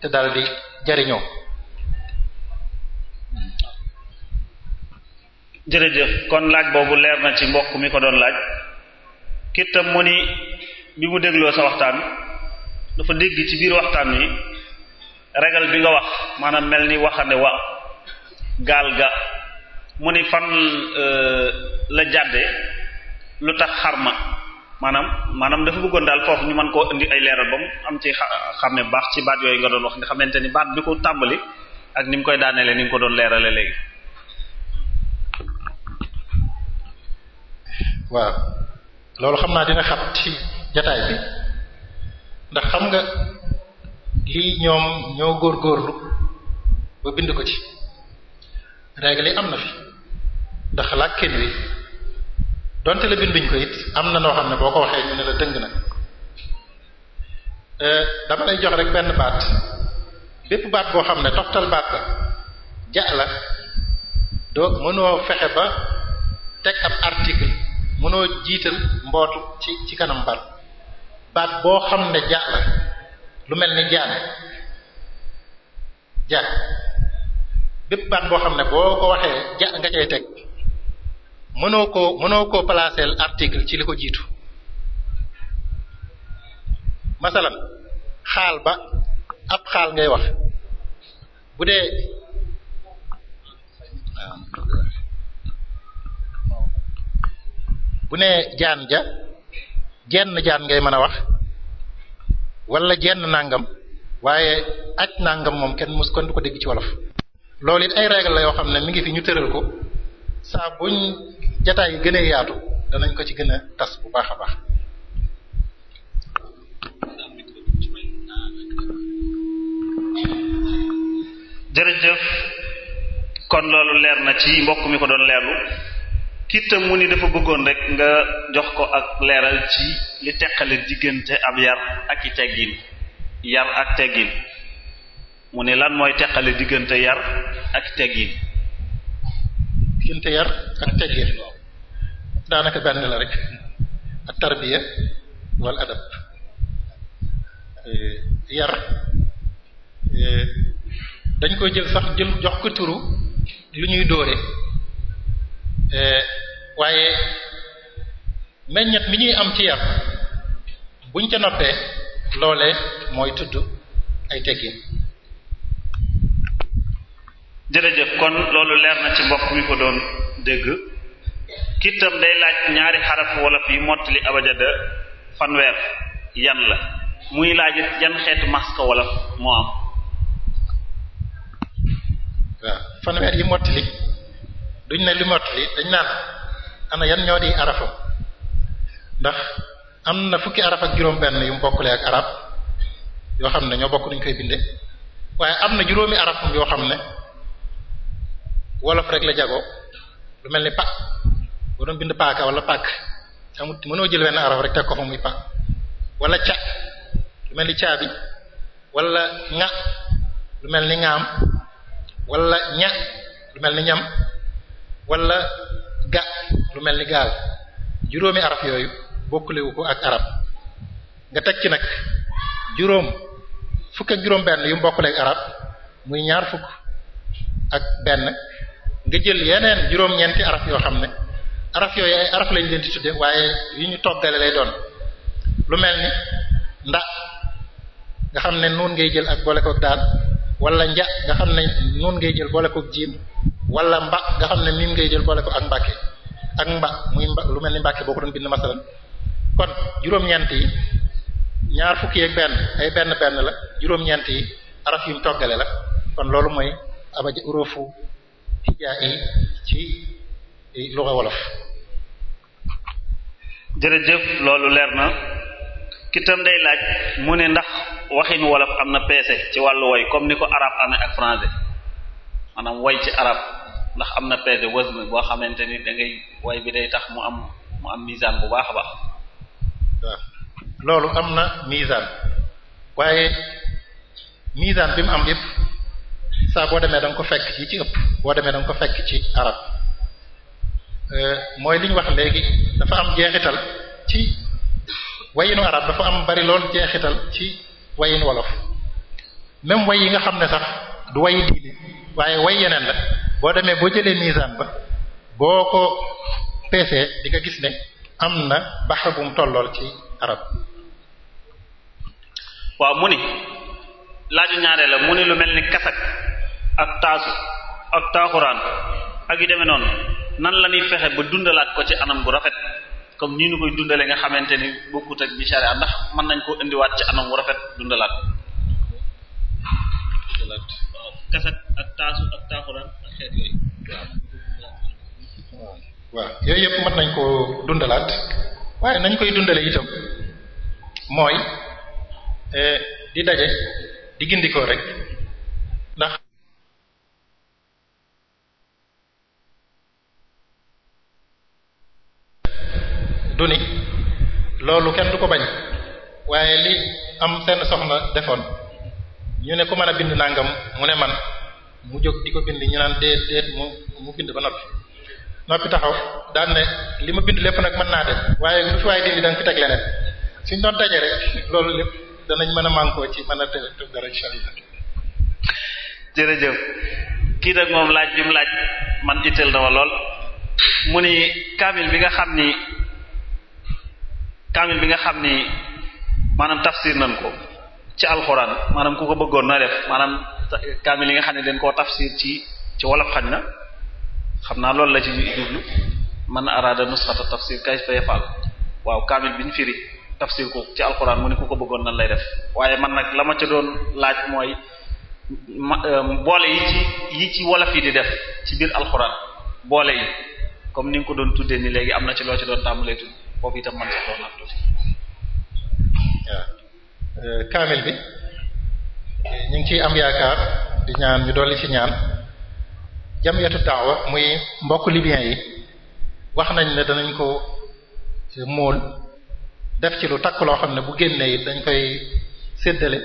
te daal di jariñoo jërëjëf kon laaj boobu leer na ci mbokk mi ko doon laaj kittam mu ni bi mu dégloo sa waxtaan dafa dégg ci biir waxtaan wi regal bi nga wax maanaam mel ni waxande wa gaal ga mu ni fan euh, la jàdde lu tax xarma maanaam maanaam dafa bëggoon daal foofu ñu man koo indi ay leeral ba mu am ci xam ne baax ci baat yooyu nga doon wax nga xamante ni baat bi ko tàmbali ak ni mu koy daaneele ni nga ko doon leerale léegi. waaw loolu xam naa dina xat ci jataay bi ndax xam nga lii ñoom ñoo góorgóorlu ba bind ko ci règle yi am na fi ndax làkkin wi donte la binduñ koy it am na noo xam ne boo ko waxee ñu ne la dëng nag euh, dama lay jox rek benn baat bépp baat boo xam ne toftal baat la ja la doo mënoo fexe ba teg ab article mënoo jiital mbootu ci ci kanam baat baat boo xam ne ja lu mel ni jaan ja bépp baat boo xam ne boo ko waxee ja nga cay teg mënoo ko mënoo koo placer article ci li ko jiitu masalan xaal ba ab xaal ngay wax bu dee bu nee jaan ja jenn jaan ngay mën a wax wala jenn nangam waaye aj nangam moom kenn mos kon du ko dégg ci wolof loolu it ay règle la yoo xam ne mi ngi fi ñu tëral ko saa buñ jataay yi gën a yaatu danañ ko ci gën a tas bu baax a baax jërëjëf kon loolu leer na ci mbokk mi ko doon leerlu kiitam mu ni dafa bëggoon rek nga jox ko ak leeral ci li teqale diggante ab yar ak i teggin yar ak teggin mu ni lan mooy teqale diggante yar ak teggin diggante yar ak teggin daanaka benn la rek ak tarbiya wal adab eh, yar eh, dañ koy jël sax jël jox ko turu lu ñuy dóore eh, waaye meññet mi ñuy am ci yar buñ ca noppee loole mooy tudd ay teggin jërëjëf kon loolu leer na ci mbokk mi ko doon dégg kitam day laaj ñaari xaraf wolof yi mottali abajada fanweer yan la muy laaj yan xeetu maska wolof moo am waaw fanweer yi mottali duñ ne li mottali dañ naan ana yan ñoo di arafam ndax am na fukki araf ak juróom benn yu mu bokkulee ak arab yoo xam ne ñoo bokk nuñ koy binde waaye am na juróomi arafam yoo xam ne wolof rek la jagoo lu mel ni pa boo doon bind paaka wala pàkk amut mënoo jël benn araf rek teg ko fa muy pa walla ca lu mel ni caabi wala ŋa lu mel ni ŋaam wala ña lu mel ni ñam wala ga lu mel ni gaal juróomi araf yooyu bokklewu ko ak arab nga teg ci nag juróom fukk ak juróom benn yu mbokkuleeg arab muy ñaar fukk ak benn nga jël yeneen juróom-ñeenti araf yoo xam ne araf yooyu ay araf lañu leen di tudde waaye yu ñu toggale lay doon lu mel ni nda nga xam ne nuun ngay jël ak boole koog daal wala nja nga xam ne nuun ngay jël boole koog jiim wala mba nga xam ne miim ngay jël boole ko ak mbàkke ak mba muy mba lu mel ni mbakke boo ko doon bind masalan kon juróom-ñeent ñaar fukki ak benn ay benn benn la juróom-ñeent araf yu mu toggale la kon loolu mooy abaja urufu ijaa yi ci luga wolof jërëjëf loolu leer na kitam day laaj mu ne ndax waxin wolof am na peese ci wàllu woy comme ni ko arab amee ak français maanaam woy ci arab ndax am na peese wëzn boo xamante ni dangay woy bi day tax mu am mu am misaan bu baax a baax loolu am na misaan waaye misaan bi am yépp saa boo demee da nga ko fekk yi ci ëpp boo demee danga ko fekk ci arab euh, mooy li wax léegi dafa am jeexital ci wayinu arab dafa am bari lool jeexital ci wayin wolof même way yi nga xam ne sax du way diine waaye way yeneen la boo demee boo jëlee misaan ba boo ko peesee di nga gis ne am na baxa bu mu tollool ci arab waaw mu ni laaju ñaaree la mu ni lu mel ni kasak ak taasu ak taaxuraan ak yu demee noonu nan la ñuy fexe ba dundalaat ko ci anam bu rafet comme nii ñu koy dundale nga xamante ni bokkut ak bi sharia ndax mën nañ koo indiwaat ci anam bu rafet dundalaat kaset ak taasu ak taaxuraan ak yooyu waaw yëpp mën nañ koo dundalaat waaye nañ koy dundale itam mooy eh, di daje di gindikoo rek ndax du ni loolu kenn du ko bañ waaye li am seen soxna defoon ñu ne ku mën a bind nangam mu ne man mu jóg di ko bind ñu naan déet déet mu mu bind ba noppi noppi taxaw daan li ma bind lépp nag mën naa def waaye lu fi waaye dindi da nga fi teg leneen suñ doon daje rek loolu lépp danañ mën a mànkoo ci mën a te dara insha Allah jërëjëf kii nag moom laaj bi mu laaj man itteel na ma lool mu ni kaamil bi nga xam ni kaamil bi nga xam ni maanaam tafsir nañ ko ci alxuraan maanaam ku ko bëggoon na def maanaam kaamil yi nga xam ne dañ koo tafsir ci ci wolof xañ na xam naa loolu la ci jublu man araada nusxata tafsir kayfa yafal waaw kaamil bi ñu firi tafsir ko ci alxuraan mu ne ku ko bëggoon nan lay def waaye man nag la ma ca doon laaj mooy euh, boole yi ci yi ci wolof yi di def ci biir alxuraan boole yi comme ni nga ko doon tuddee ni léegi am na ci loo ci doon foofu itam man sax doon nag tuuti waaw kaamil bi ñu ngi ciy am yaakaar di ñaan ñu dolli ci ñaan jamiyatu daawa muy mbokk libyen yi wax nañ ne danañ ko euh, mool def ci lu takk loo xam ne bu génnee it dañ koy séddale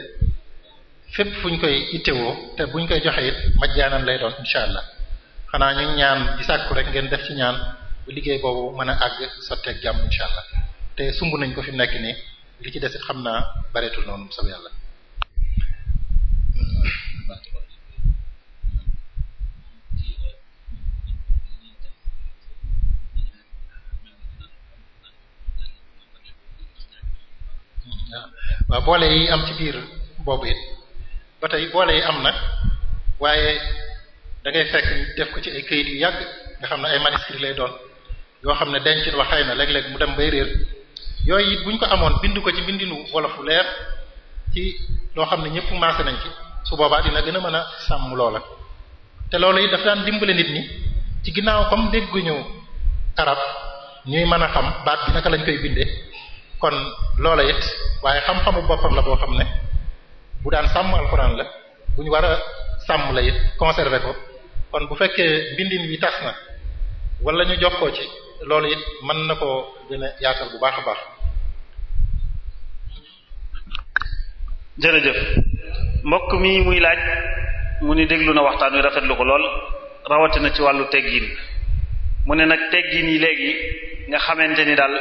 fépp fu ñu koy ittewoo te buñ koy joxe it majjaanan lay doon incha allah xanaa ñu ñaan di sàkku rek ngeen def ci ñaan liggéey boobu mën a àgg sotteeg jàmm incha allah te sumb nañ ko fi mu nekk nii li ci des it xam naa bareetul noonu sab yàlla. waaw boole yi am ci biir boobu it ba tey boole yi am na waaye dangay fekk def ko ci ay kayit yu yàgg nga xam na ay manuscrits lay doon. yoo xam ne dencin wa xëy na léeg-léeg mu dem bay réer yooyu it bu ñu ko amoon bind ko ci bindinu wolofu leer ci loo xam ne ñëpp maase nañ ci su boobaa dina gën a mën a sàmm loola te loolu it daf daan dimbale nit ñi ci ginnaaw comme dégguñu arab ñuy mën a xam baat bi naka lañ koy bindee kon loola it waaye xam-xamu boppam la boo xam ne bu daan sàmm alxuraan la bu ñu war a sàmm la it conserver ko kon bu fekkee bindin wi tas na wala ñu jox ko ci loolu it mën na koo gën yaatal bu baax a baax. jërëjëf mbokk mi muy laaj mu ni déglu na waxtaan wi rafetlu ko lool rawatina ci wàllu teggiin mu ne nag teggiin yi léegi nga xamante ni daal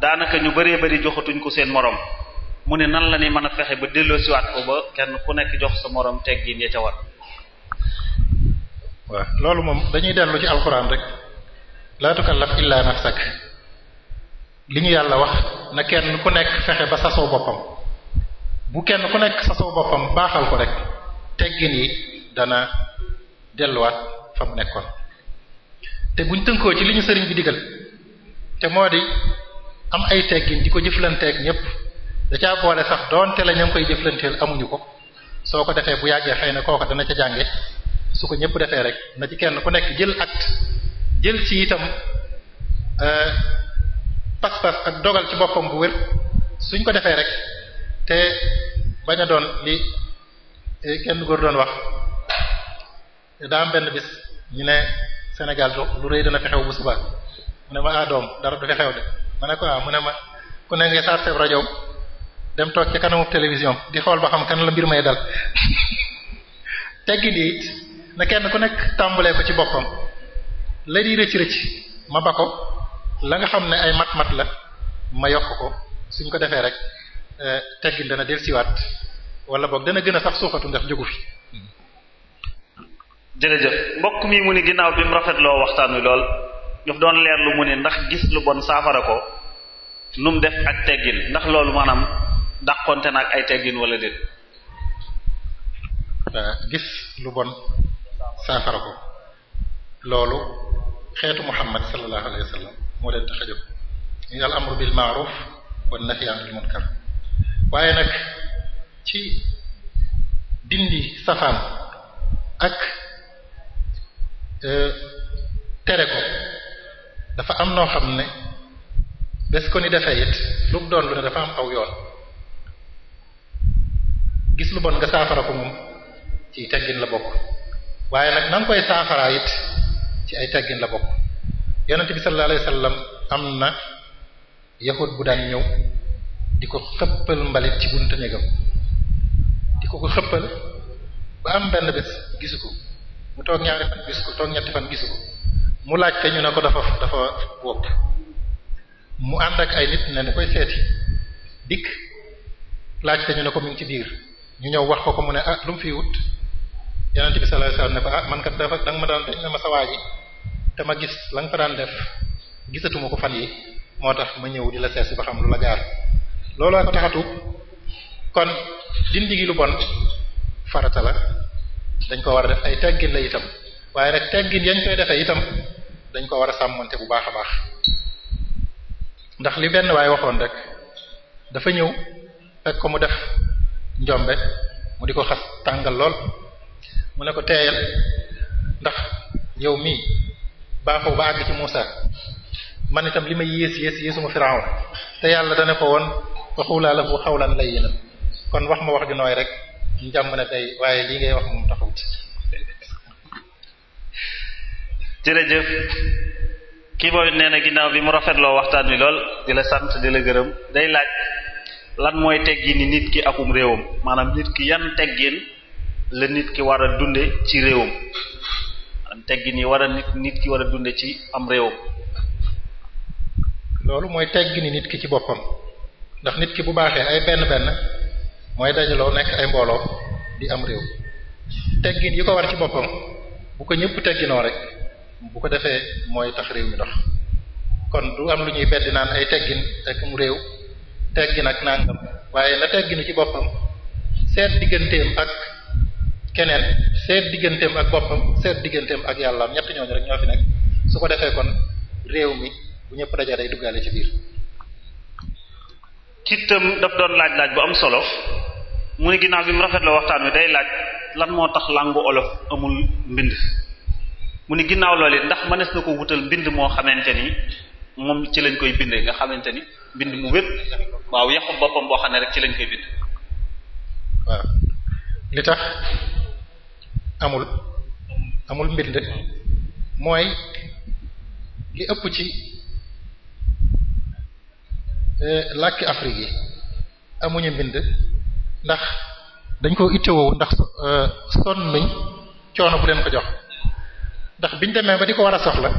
daanaka ñu bëree bëri joxatuñ ko seen moroom mu ne nan la ni mën a fexe ba delloosiwaat ko ba kenn ku nekk jox sa moroom teggiin ya ca war. waaw loolu moom dañuy dellu ci alxuraan rek. laa tukallaf illa nafsak li ñu yàlla wax na kenn ku nekk fexe ba sasoo boppam bu kenn ku nekk sasoo boppam baaxal ko rek teggin yi dana delluwaat fa mu nekkoon te buñ tënkoo ci li ñu sëriñ bi digal te moo di am ay teggin di ko jëflanteeg ñépp da caa boole sax doonte la ña ngi koy jëflanteel amuñu ko soo ko defee bu yàggee xëy na kooka dana ca jànge su ko ñépp defee rek na ci kenn ku nekk jël acte jël ci itam euh, pas-pas ak dogal ci boppam bu wér suñ ko defee rek te bañ a doon li eh, kenn góor doon wax daa am benn bis ñu ne Sénégal lu rëy dana fi xew bu suba mu ne ma ah doom dara du fi xew de ma ne ko ah mu ne ma ku ne ngay saar seen rajo dem toog ci kanamu télévision di xool ba xam kan la mbir may dal teggi lii na kenn ku nekk tàmbalee ko ci boppam. la di rëcc rëcc ma ba ko la nga xam ne ay mat-mat la ma yokk ko suñ ko defee rek eh, teggin dana dellusiwaat walla boog dana gën a sax suufatu ndax jógu fi. jërëjëf mbokk mi mu ni ginnaaw bi mu loo waxtaan wi lool daf doon leerlu mu ne ndax gis lu bon saafara ko nu mu def ak teggin ndax loolu maanaam dàqonte na ay teggin wala déet. Eh, gis lu bon saafara ko loolu. xeetu Muhammad sallallahu alayhi wa sallam moo leen tax a jóg ñu al amru bil ma'ruf wan nahyi anil munkar waaye nag ci dindi safaan ak e, tere ko dafa am noo xam ne bés ko ni defee it lu doon lu ne dafa am aw yoon gis lu bon nga saafara ko moom ci teggin la bokk waaye nag na koy saafara it ci ay teggin la bokk yonent bi sallallahu alayhi wasallam am na yahud bu daan ñëw di ko xëppal mbalit ci buntu néegam di ko ko xëppal ba am benn bés gisu ko mu toog ñaari fan gisu ko toog ñetti fan gisu ko mu laaj te ñu ne ko dafa dafa wopp mu ànd ak ay nit ne nu koy seeti dikk laaj ñu ne ko mu ci biir ñu ñëw wax ko ko mu ne ah lu mu fiy wut yonent bi sallallahu alayhi wasallam ne ko ah man kat dafa danga ma doon dañ ne ma sa waaji te ma gis la nga daan def gisatuma ko fan yi moo tax ma ñëw di la seet si ba xam lu la gaar loolu ko taxatu kon dindi gi lu bon farata la dañ ko war a def ay teggin la itam waaye rek teggin yañ koy defee itam dañ koo war a sàmmante bu baax a baax ndax li benn waaye waxoon rek dafa ñëw fekk ko mu def njombe mu di ko xas tàngal lool mu ne ko teeyal ndax yow mii baaxoo ba àgg ci Muusa man itam li ma yées yées yéesuma Firawna te yàlla dana ko woon waxulaa la fu xawlan layyinan kon wax ma wax ju nooy rek njàmm na tey waaye li ngay wax moom taxaw ci jërëjëf kii boobu nee na ginnaaw bi mu rafetloo waxtaan wi lool di la sant di la gërëm day laaj lan mooy ni nit ki akum réewam maanaam nit ki yan teggin la nit ki war a dunde ci réewam teggin yi war a nit nit ki war a dunde ci am réew loolu mooy teggini nit ki ci boppam ndax nit ki bu baaxee ay benn benn mooy dajaloo nekk ay mbooloo di am réew teggin yi ko war ci boppam bu ko ñëpp tegginoo rek bu ko defee mooy tax réew mi dox kon lu am lu ñuy beddi naan ay teggin ak mu réew teggin ak nangam waaye na tegginu ci boppam seet digganteem ak keneen seet digganteem ak boppam seet digganteem ak yàllaam ñett ñooñu rek ñoo fi nekk su ko defee kon réew mi bu ñëpp dajee day duggaale ci biir. ci itam daf doon laaj laaj bu am solo mu ne ginnaaw bi mu rafet rafetloo waxtaan wi day laaj lan moo tax làngu olof amul mbind mu ni ginnaaw loolu ndax mënees na ko wutal mbind moo xamante ni moom ci lañ koy bindee nga xamante ni mbind mu wér waaw yàqu boppam boo xam ne rek ci lañ koy bind. waaw li tax. amul amul mbind mooy li ëpp ci eh, làkki Afrique yi amuñu mbind ndax dañ ko ittewoo ndax eh, sonn nañ coono bu leen ko jox ndax biñ demee ba di ko war a soxla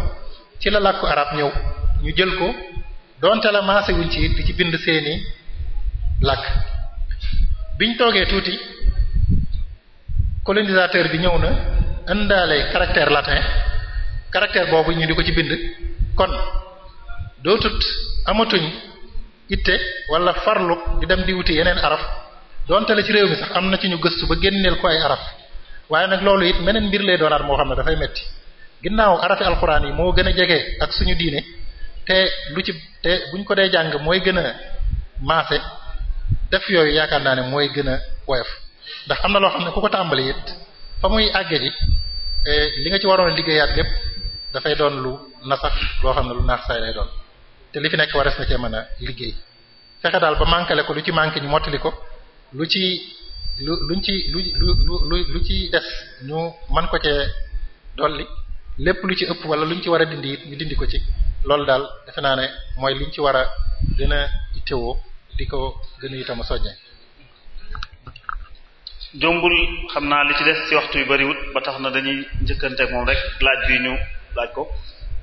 ci la làkku arab ñëw ñu jël ko doonte la maasewuñ ci di ci bind seeni làkk biñ toogee tuuti colonisateur bi ñëw na indaale caractère latin caractère boobu ñu di ko ci bind kon dootut amatuñ itte wala farlu di dem di wuti yeneen araf donte la ci réew mi sax am na ci ñu gëstu ba génneel ko ay araf waaye nag loolu it meneen mbir lay doonaat moo xam ne dafay metti ginnaaw arafi alxuraan yi moo gën a jege ak suñu diine te lu ci te buñ ko dee jàng mooy gën a maase def yooyu yaakaar naa ne mooy gën a woyof ndax am na loo xam ne ku ko tàmbali it fa muy àgge ji eh, li nga ci waroon a liggéeyaat lépp dafay doon lu nasax loo xam ne lu naax lay doon te li fi nekk warees na cee mën a liggéey fexe daal ba mànkale ko lu ci manqué ñu mottali ko lu ci lu luñ ci lu lu lu ci des ñu mën ko cee dolli lépp lu ci ëpp wala luñ ci war a dindi it ñu dindi ko ci loolu daal defe naa ne mooy liñ ci war a gën a ittewoo di ko gën a itam soññee jombul xam naa li ci des ci waxtu yu bariwut ba tax na dañuy njëkkante moom rekk laaj bi ñu laaj ko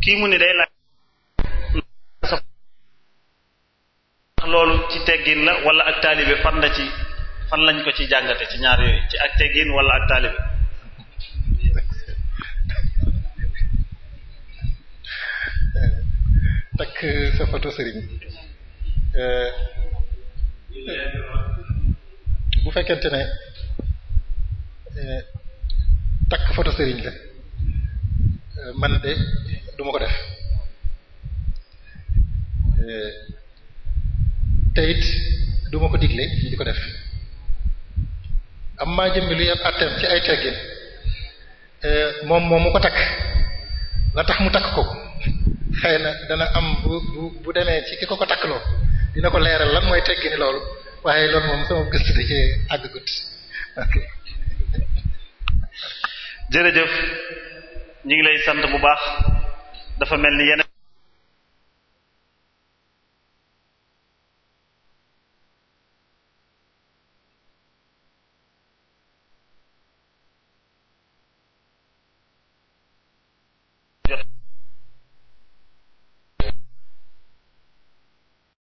kii mu ni day laaj loolu ci teggin la wala ak taalibe fan la ci fan lañ ko ci jàngate ci ñaar yooyu ci ak teggin wala ak taalibe takk sa photo sëriñ euh, bu fekkente ne Eh, takk photo sëriñ la eh, man de duma ko def eh, te it duma ko digle di ko def am maa jëmmi luy ab àtteem ci ay teggin moom moom mu ko takk la tax mu takk ko xëy na dana am bu bu bu demee ci ki ko ko takkloo dina ko leeral lan mooy teggini loolu waaye loolu moom sama gëstu da cee àggagut ok jërëjëf ñu ngi lay sant bu baax dafa mel ni yeneen